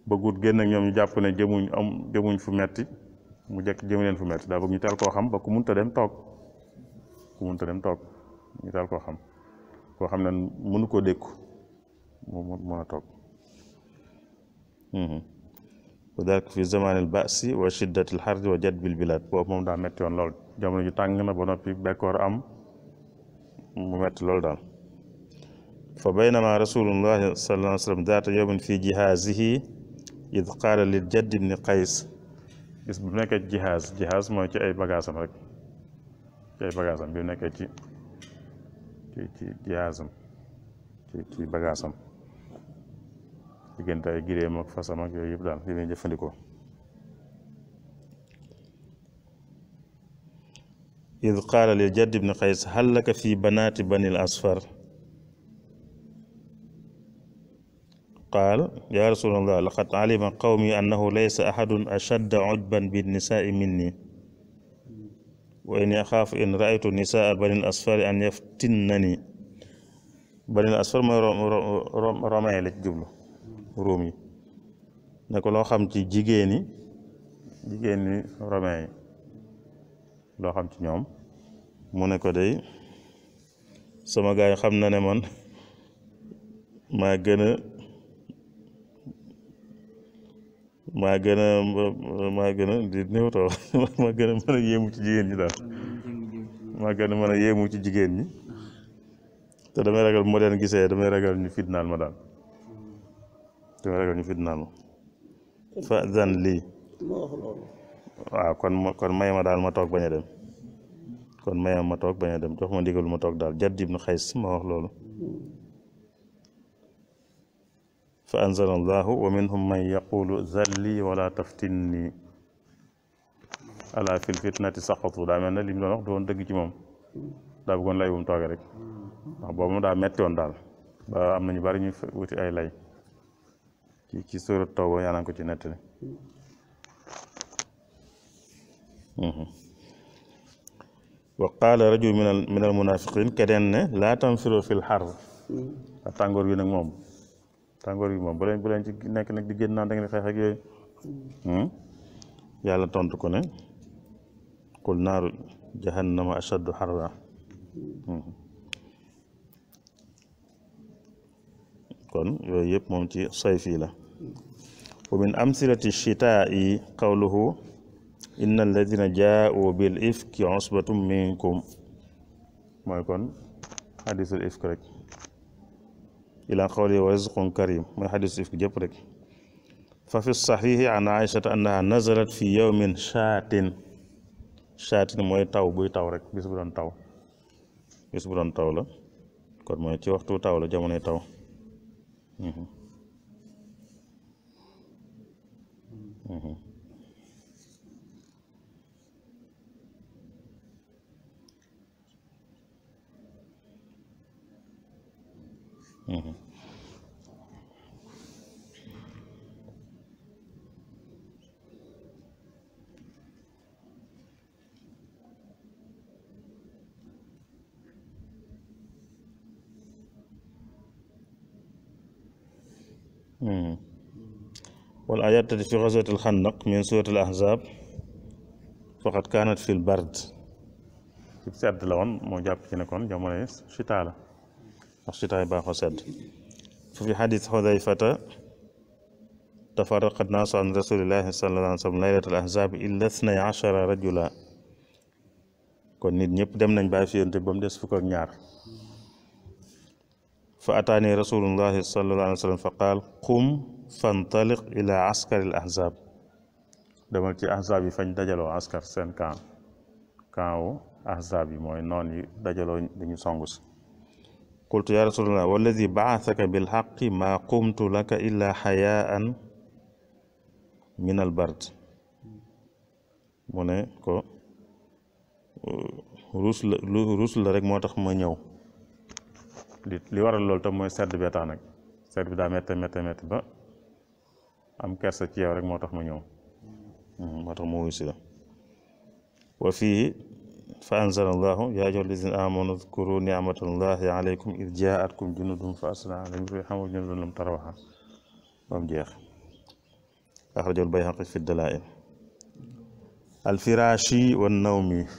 bëggut génn ak ñoom ñu jàpp ne jëmuñ am jëmuñ fu metti mu jekk jëmu leen fu metti daa bëgg ñu teel koo xam ba ku munta dem toog ku munta dem toog ñu teel koo xam ne mënu koo dékku mu mën a toog mhm. wa dalik fi zamanil basi wa shiddatil xarj wa jadbil bilad boobu moom daa metti woon lool jamono ju tàng na ba noppi bekkoor am mu metti loolu daal فبينما رسول الله صلى الله عليه وسلم ذات يوم في جهازه إذ قال للجد بن قيس اسمه نك جهاز جهاز ما يجي أي بعاسة مرك أي بعاسة بيو نك جي جي جهاز جي جي بعاسة يمكن تاي غيري مك فاسة مك يبدأ في من جفنيكو إذ قال للجد بن قيس هل لك في بنات بني الأصفر قال يا رسول الله لقد علم قومي أنه ليس أحد أشد عجبا بالنساء مني وإني أخاف إن رأيت نساء بني الأسفار أن يفتنني بني الأسفار ما رمي لك جملة رومي نقول لو خمتي جيجيني جيجيني رمي لو خمتي نيوم mu ne ko day خمنا gaay xam na ma gën a maa gën a di néew gën a mën ci jigéen ñi daal ma gën a mën a yéemu ci jigéen ñi te damay ragal bu ma leen gisee damay ragal ñu fitnaal ma daal damay ragal ñu fitnaal ma fa zan lii waaw kon ma kon may ma daal ma toog bañ a dem kon mayam ma toog bañ a dem jox ma ndigal ma toog daal jat jib na xays ma wax loolu فأنزل الله ومنهم من يقول ذلي ولا تفتني ألا في الفتنة سقطوا دائما اللي من الوقت دون دقيقة مم دابا قلنا يوم تاجرك أبو مدا ميت وندال بأمن يبارين في وقت أي لاي كي كي سورة توبة يانا كتير نتري وقال رجل من من المنافقين كذن لا تنفروا في الحرب أتانغور ينعمهم tàngoor bi moom bu leen bu nekk nag di génn naan da ngeen yooyu hmm? yàlla tontu ko ne qul jahannama ashaddu harra hmm. kon yooyu yëpp moom ci sayfi la wa min amsilati shitaa'i qawluhu inna alladina jaa'u bil ifki usbatum minkum mooy kon hadisul ifk rek ilaa qawli wa rizqun karim mooy xadis if jëpp rek fa fi saxiixi an aïchata annaha nazalat fi yowmin shaatin shaatin mooy taw buy taw rek bis bu doon taw bis bu taw la kon mooy ci waxtu taw la jamonoy taw mhm. Mhm. والآيات التي في غزوة الخندق من سورة الأحزاب فقد كانت في البرد كيف sedd la woon moo jàpp ci ne ndax sitaay baaxoo sedd fa fi xadis xudayfata tafaraqat an rasulillahi sallallahu alayhi wa sallam laylatul ahzab illa rajula kon nit ñëpp dem nañ bàyyi fi yonte ba mu des fukk ak ñaar fa ataani rasulullahi sallallahu alayhi wa sallam fa qaal qum fantaliq ila askari al ahzab demal ci ahzab yi fañ dajaloo askar seen camp camp wu ahzab yi mooy noon yi dajaloo dañu songu si قلت يا رسول الله والذي بعثك بالحق ما قمت لك إلا حياء من البرد موني كو رسل رسل رك موتاخ ما نيو لي وارال لول تا موي سد بيتا نك سد بي دا ميت ميت ميت با ام كرسا تي يا رك موتاخ ما نيو موتاخ مو وفيه فأنزل الله يا أيها الذين آمنوا اذكروا نعمة الله عليكم إذ جاءتكم جنود فأرسل عليهم ريحا وجنود لم تروها فهم جيخ أخرج البيهقي في الدلائل الفراشي والنومي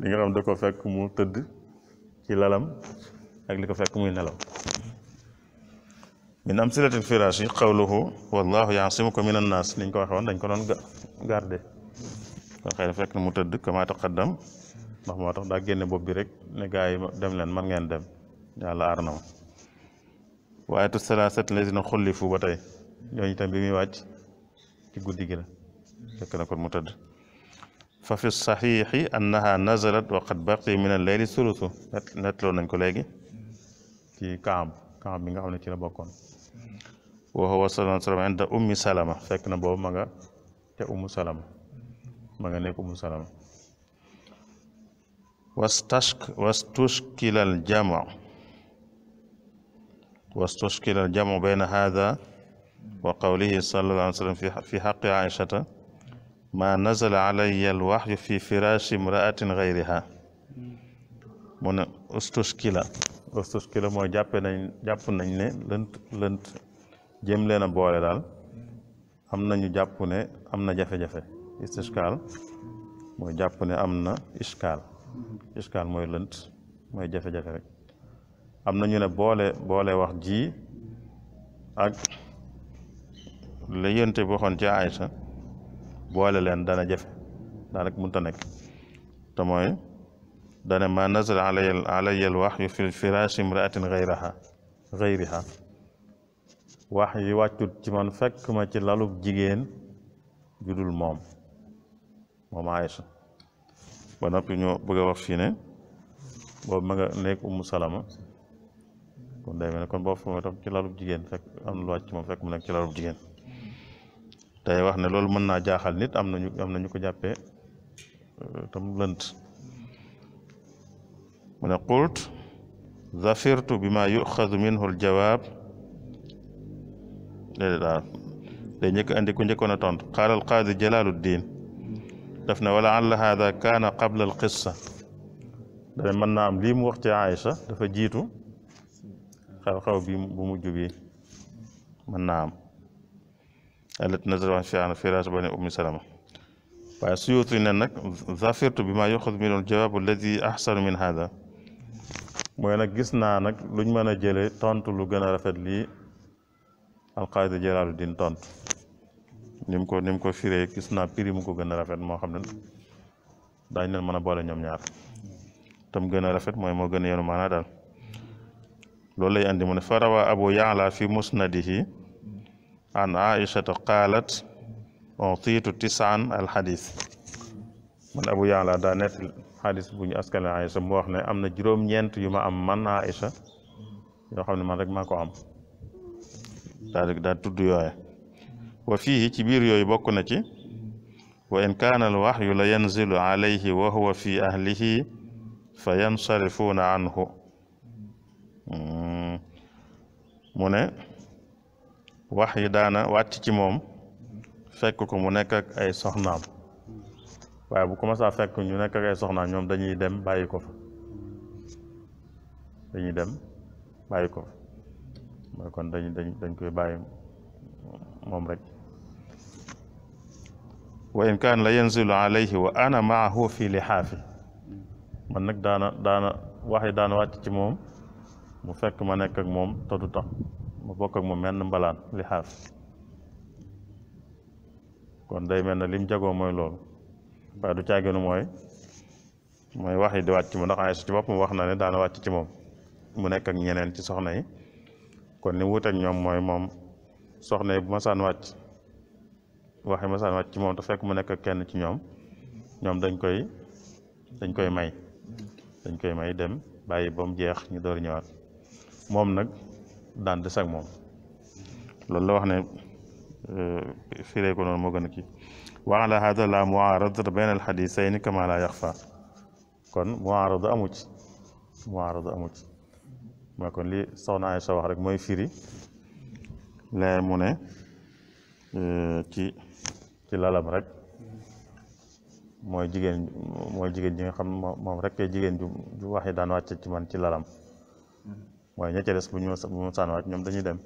لكن لم تكن فيك مرتد كلا لم أقل فيك من نلو من أمثلة الفراشي قوله والله يعصمك من الناس لكن لم تكن فيك مرتد كما تقدم ndax mo tax da génne bop bi rek ne gaay yi dem len man ngeen dem yàlla arna na ma waaye tu salaasat la dina xulli fu tam bi mi wàcc ci guddi gi la fekk na ko mu tëdd fa fi saxiixi annaha nazalat wa qad baqi min al leyli sulusu lo nañ ko léegi ci kaam kaam bi nga xamne ci la bokkon wa huwa sallallahu alayhi wa sallam inda ummi salama fek na bobu ma nga te ummu salama ma nga nekk ummu salama واستشكل الجمع واستشكل الجمع بين هذا وقوله صلى الله عليه وسلم في حق عائشة ما نزل علي الوحي في فراش امرأة غيرها من استشكل استشكل mooy jàppe nañ نين لنت لنت lënt lënt دال أمنا a boole daal am nañu jàpp ne am na iskaal moy leunt moy jafe-jafe rek amna ñu ne boole boole wax ji ak le yenté bu xon ci Aysa boole len dana jafe da nak mënut ta nek ta moy dana ma nazal alay alay al fil firash imraatin ghayraha ghayriha wahyu yi wàccut ci man fekk ma ci lalu jigen judul mom mom Aysa ba noppi ñoo bëgg a wax fii ne boobu ma nga nekk umu salama kon day mel ne kon boobu fa tam ci lalub jigéen fekk am na lu mu nekk ci lalub jigéen tey wax ne loolu mën naa jaaxal nit am nañu am nañu ko jàppee euh, tam lënt mu ne qult zafirtu bi ma yuxazu jawaab déedéet daal day njëkk andi ku njëkkoon a tontu qaala al qaadi jalaaluddin دفنا ولعل هذا كان قبل القصة دفنا من نام لي موقتي عائشة دفا جيتو خاو خاو بي بمجو بي من نام التي نزل عن شعر فراس بني أم سلمة فأسيوت إنك ظافرت بما يأخذ من الجواب الذي أحسن من هذا وأنا جسنا أنك لن من جلي تانتو لغنا رفد لي القائد جلال الدين تانتو ni ko ni mu ko firee gis naa prix mu ko gën a rafet moo xam ne daañu leen mën a boole ñoom ñaar tam gën a rafet mooy moo gën a yenu maanaa daal loolu lay andi mu ne farawa abu yaala fi musnadihi an aishata qaalat utiitu tisaan al xadis man abu yaala daa nett xadis bu ñu askane aïcha mu wax ne am na juróom-ñeent yu ma am man aïcha yoo xam ne man rek maa ko am daa daal tudd yooye wa fihi ci biir yooyu bokk na ci wa in kaana al waxyu la yanzilu alayhi wa huwa fi ahlihi fa yansarifuuna anhu mu ne wax yi daana wàcc ci moom fekk ko mu nekk ak ay soxnaam waaye bu commencé fekk ñu nekk ak ay soxnaam ñoom dañuy dem bàyyi ko fa dañuy dem bàyyi ko fa mooy kon dañ dañ dañ koy bàyyi moom rek wa in kaan la yanzilu alayhi wa ana maahu fi lixaafi man nag daana daana wax yi daana wàcc ci moom mu fekk ma nekk ak moom te du tax ma bokk ak moom menn mbalaan lixaaf kon day mel ne lim jagoo mooy loolu waaye du caaginu mooy mooy wax yi di wàcc ci moom ndax Aysa ci boppam wax na waxe ma masaan wàcc ci mom da fekk mu nek kenn ci ñom ñom dañ koy dañ koy may dañ koy may dem bàyyi bam jeex ñu door ñewat mom nak daan de sax mom loolu la wax ne firee ko noonu moo gën a kii wa ala hada la muarada bayn al hadisayni kama la yakhfa kon muarada amu ci muarada amu ci ma kon li sawna ay sa wax rek moy firi leer mu ne ci ci lalam rek moy jigen moy jigen ñi nga xam mom rek jigen ju ju wax daan wacc ci man ci lalam moy ña ca bu ñu bu mu san wacc ñom dañuy dem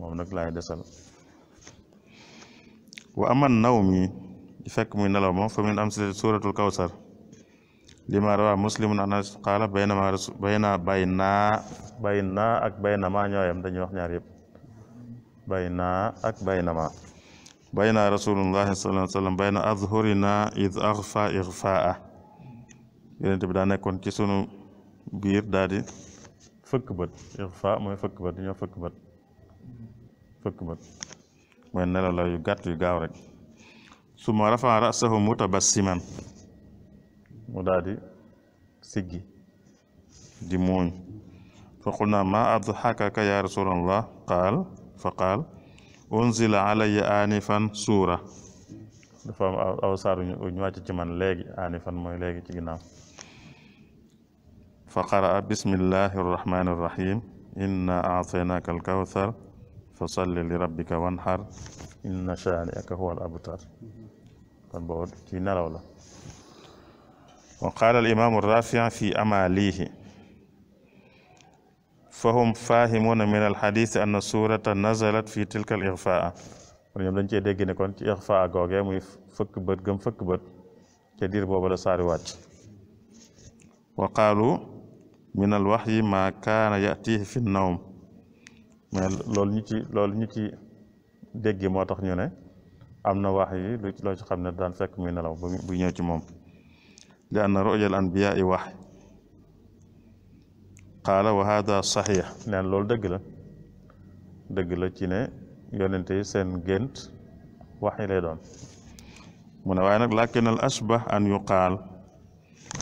mom nak lay desal wa aman nawmi mi di fekk muy nalaw mo fa am suratul kawsar lima rawa muslimun anas qaala bayna rasul bayna bayna bayna ak ma ñoyam dañuy wax ñaar yeb bayna ak ma بين رسول الله صلى الله عليه وسلم بين أظهرنا إذ أغفى إغفاء yonent bi daa nekkoon ci sunu biir daal di fëkk bët igfa mooy fëkk bët dañoo fëkk bët fëkk bët mooy nelaw la yu gàtt yu gaaw rek su ma rafaa rasahu mutabassiman mu daal di siggi di muuñ fa qul naa ma adxakaka ya rasulallah qaal fa qaal أنزل علي آنفا سورة فقرأ بسم الله الرحمن الرحيم إنا أعطيناك الكوثر فصل لربك وانحر إن شانئك هو الأبتر وقال الإمام الرافع في أماليه فهم فاهمون من الحديث أن سورة نزلت في تلك الإغفاء ونعم لنجي ديجي نكون إغفاء غوغي مي فك بد غم فك بد كدير بوبا وقالوا من الوحي ما كان يأتيه في النوم لول نيتي لول نيتي ديجي مو تخ ني أمنا وحي لو خامن دان فك من النوم بو نيو لأن رؤيا الأنبياء qaala wa hada saxiix neen loolu dëgg la dëgg la ci ne yonente yi seen gént wax yi lay doon mu ne waaye nag lakin al asbah an yuqaal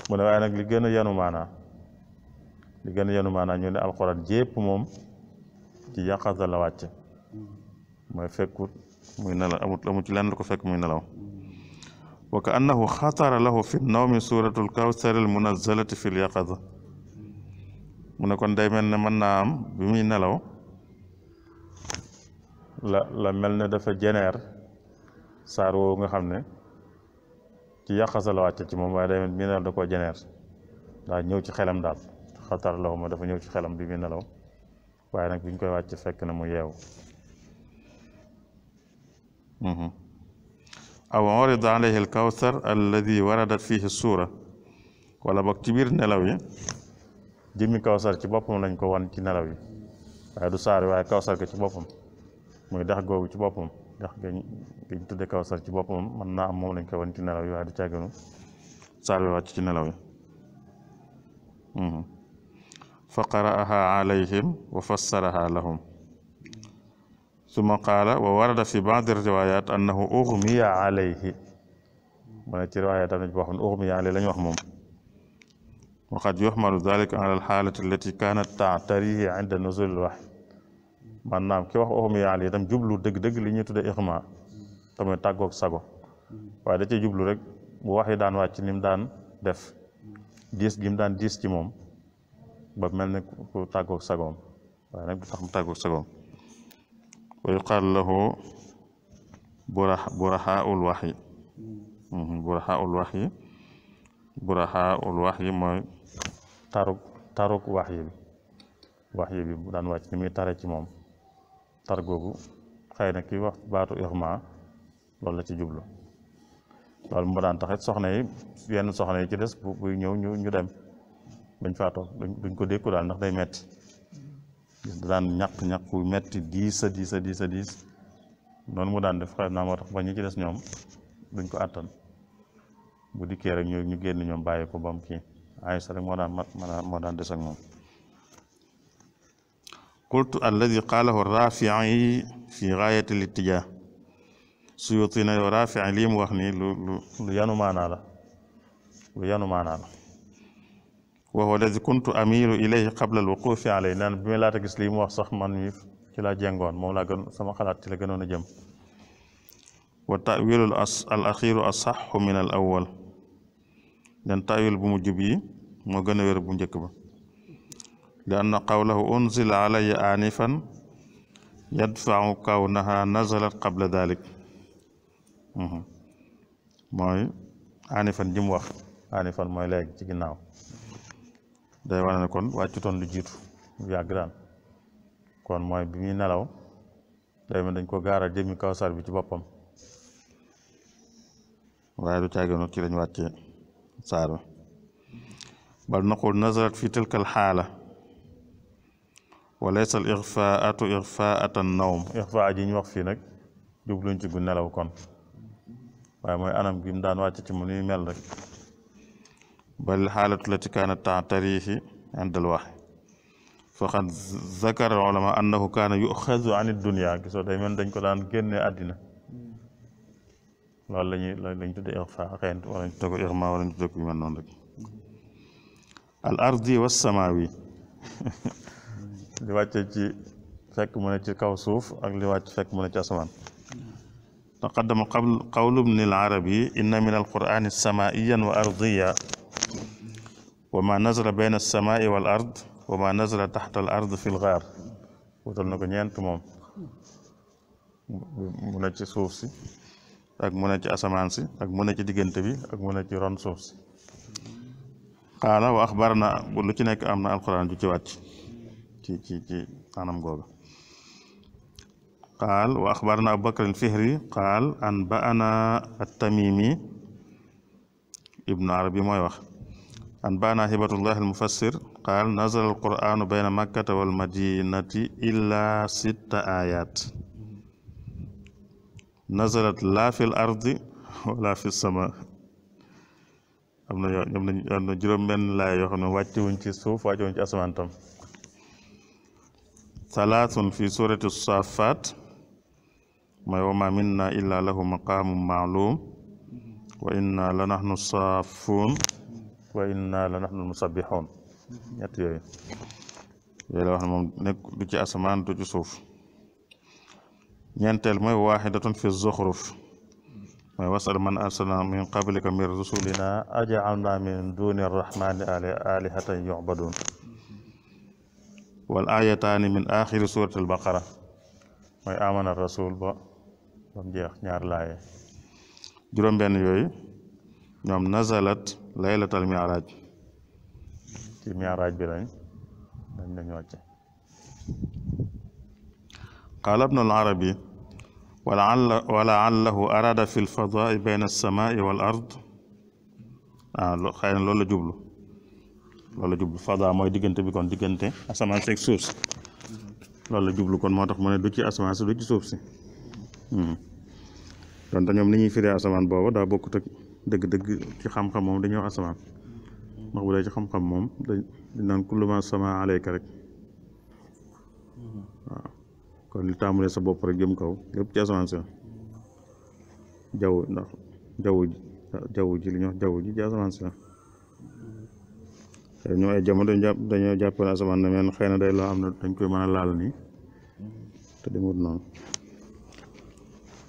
mu ne waaye nag li gën a yanu maanaa li gën a yanu maanaa ñu ne alquran jépp moom ci yàqasa la wàcc mooy fekkut muy nelaw amut amut ci lenn lu ko fekk muy nelaw wa ka annahu xatara lahu fi nawmi suratul kawsar al munazalati fi l yaqasa mune kon day melne man na am bi muy nelaw la la melne dafa jener saar woowu nga xamne ci yàqasa wacc ci mom way day melne da ko jener da ñëw ci xelam dal xatar law ma dafa ñëw ci xelam bi muy nelaw waye nak bi koy wàcc fekk na mu yeewu aw urida alayhi al kawsar alladi waradat fihi suura wala boog ci nelaw yi jëmmi kawsar ci boppam lañ ko wan ci nelaw yi waaye du saar waaye kawsar ko ci boppam muy dex googu ci boppam dex gañ gañ tudde kawsar ci boppam man naa am moom lañ ko wan ci nelaw yi du càgganu saar wi wàcc ci nelaw yi fa qara'aha alayhim wa fassaraha lahum suma qaala wa warada fi baadi riwayat annahu ughmiya alayhi mu ne ci na ci boo ne ughmiya alayhi wax moom وقد يحمل ذلك على الحالة التي كانت تعتريه عند نزول الوحي maanaam ki wax oxum yàlla itam jublu dëgg-dëgg li ñuy tuddee ixma tamit tàggoog sago waaye da cee jublu rek bu wax yi daan wàcc ni mu daan def diis gi mu daan diis ci moom ba mel ne ku tàggoog sagoom waaye nag du tax mu tàggoog sagoom wa yuqaal lahu burax buraxaaul wax yi buraxaaul wax yi buraxaaul wax yi mooy taru tarug wax yi bi wax yi bi bu daan wàcc ni muy tare ci moom tar googu xëy na kii wax baatu ixma loolu la ci jublu loolu mu daan tax soxna yi yenn soxna yi ci des bu buy ñëw ñu dem bañ faa toog duñ ko dékku daal ndax day metti gis daan ñàq ñàq wu metti diis a diis a diis noonu mu daan def xëy naa moo tax ñu ci des ñoom duñ ko àttan bu dikkee rek ñu ñu génn ñoom bàyyi ko ba mu Aïcha rek moo daan mat moo daan des ak moom qultu alladi qaalahu raafi'i fi gaayati littijaa suyuti na yow raafi'i lii mu wax nii lu lu lu yanu maanaa la lu yanu maanaa la wa huwa alladi kuntu amiilu ilayhi qabla alwuqufi alayhi naan bi ma laata gis lii mu wax sax man mi ci laa jengoon moom laa gën sama xalaat ci la gënoon a jëm wa ta'wiilu al axiru asaxu min al awwal dan taawil bu mujj bi moo gën a wér bu njëkk ba li anna qawlahu unzila alayya anifan kaw kawnaha nazalat qabla dalik mhm. mooy anifan ji wax anifan mooy léegi ci ginnaaw day wane kon wàccutoon lu jiitu lu kon mooy bi muy nelaw day mel dañ ko gaaral jëmmi kawsar bi ci boppam waaye du caagino ci lañ wàccee صار بل نقول نزلت في تلك الحالة وليس الإغفاءة إغفاءة النوم إغفاء جيني ñu wax fii nag jubluñ ci gu nelaw kon waaye mooy anam gi mu daan wàcc بل الحالة التي كانت تعتريه عند الوحي فقد ذكر العلماء أنه كان يؤخذ عن الدنيا كسو day mel dañ ko daan loolu lañuy lañ tudde ixfa xëyant wala ñu tudde ko ixma wala ñu tudde ko yu mel noonu rek al ardi wa samaawi li wàcce ci fekk mu ne ci kaw suuf ak li wàcc fekk mu ne ci asamaan taqaddama qawlu ibni al arabi inna min al qur'ani samaa'iyan wa ardiya wa ma nazala bayna al samaa'i wal ard wa ma nazala taxta al ard fi al gaar wutal na ko ñeent moom mu ne ci suuf si ak mu ne ci asamaan si ak mu ne ci diggante bi ak mu ne ci ron suuf si xaala wa axbar na bu lu ci nekk am na alquran ju ci wàcc ci ci ci anam googa قال وأخبرنا أبو بكر الفهري قال أنبأنا التميمي ابن عربي ما مويوخ أنبأنا هبة الله المفسر قال نزل القرآن بين مكة والمدينة إلا ست آيات نزلت لا في الأرض ولا في السماء am na yoo am na am na juróom-benn laay yoo xam ne wàccewuñ ci suuf wàccewuñ ci asamaan tam salaatun fi surati safaat mooy wa maa minna illa lahu maqaamun maalum wa inna la naxnu saafuun wa inna la naxnu musabbixuun ñett yooyu yooyu la wax ne moom nekk du ci asamaan du ci suuf ينتل ما واحدة في الزخرف ما وصل من أرسلنا من قبلك من رسولنا أجعلنا من دون الرحمن آلهة يعبدون والآية والآيتان من آخر سورة البقرة ما آمن الرسول با بمجيخ نار لاي جرم بين يوي نعم نزلت ليلة المعراج المعراج بلاني نعم نعم قال ابن العربي ولعل ولعله أراد في الفضاء بين السماء والأرض آه خاين لولا جبلو لولا جبلو فضاء تبي ديغنتي دقن ديغنتي أسمع سيك سوس لولا جبلو كون ما مو من سي أسمع سي دو سوسي سوف سي دون تا نيوم ني ñuy firé asamaan boobu daa bokkut ak dëgg-dëgg ci xam-xam moom dañuy wax asamaan ndax bu dee ci xam-xam moom dañ naan kullu ma kon li tàmbalee sa bopp rek jëm kaw lépp ci asamaan sa jaww ndax jaww ji jaww ji wax jaww ji ci asamaan sa ñoo ay jàpp dañoo jàppale asamaan na men xëy na day loo am na dañ koy mën a laal nii te demut noonu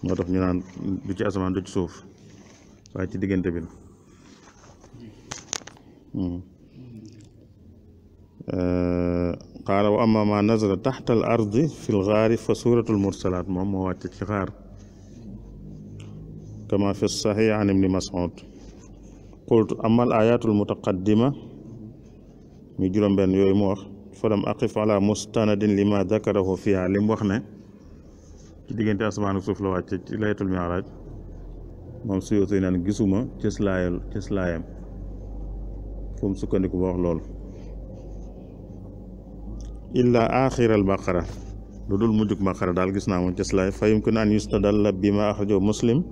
moo tax ñu naan du ci asamaan du ci suuf waaye ci diggante bi la uh, قال واما ما نزل تحت الارض في الغار فسوره المرسلات هو غار كما في الصحيح عن ابن مسعود قلت اما الايات المتقدمه مجرم بن يويموخ فلم اقف على مستند لما ذكره فيها لم وخنا ديغنت اسمان سوف لو ليت المعراج مام سيوتي نان غيسوما تيس لايل تيس لايم فوم سكنديكو لول إلا آخر البقرة لدول مجوك بقرة دال جسنا من فيمكن أن يستدل بما أخرجه مسلم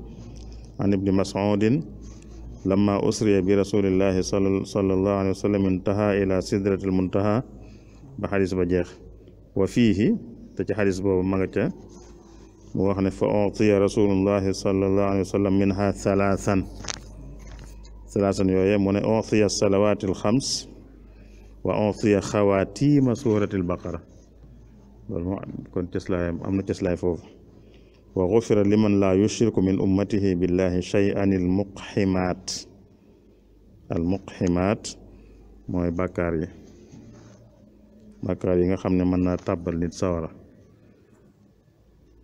عن ابن مسعود لما أسري برسول الله صلى الله عليه وسلم انتهى إلى سدرة المنتهى بحديث بجيخ وفيه تجي حديث بابا مغتا وخنا فأعطي رسول الله صلى الله عليه وسلم منها ثلاثا ثلاثا يوية من أعطي الصلوات الخمس wa onsiya xawaatiima suuratil baqara loolu moo kon cëslaayam am na cëslaay foofu wa gufira liman laa yushriku min ummatihi billahi shay'an al muqximaat al muqximaat mooy bàkkaar yi bàkkaar yi nga xam ne mën naa tàbbal nit sawara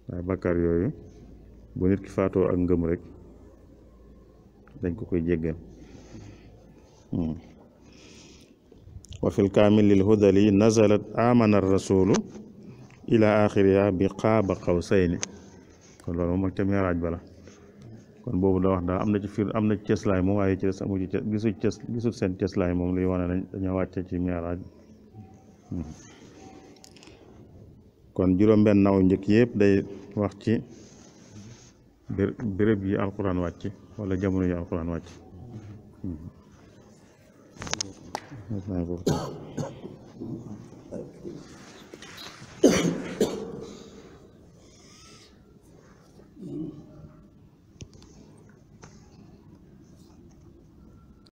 waaye bàkkaar yooyu bu nit ki faatoo ak ngëm rek dañ ko koy jéggal wa fil kaamil lil hudali nazalat amana rasulu ila axiriha bi qaaba qawsayni kon loolu moom ak ca miraaj bala kon boobu da wax daal am na ci fiir am na ci cëslaay moom waaye ci des amu ci gisu seen cëslaay moom luy wane nañ dañoo wàcce ci miraaj kon juróom-benn naw njëkk yëpp day wax ci béréb yi alquran wàcc wala jamono yi alquran wàcc 没事。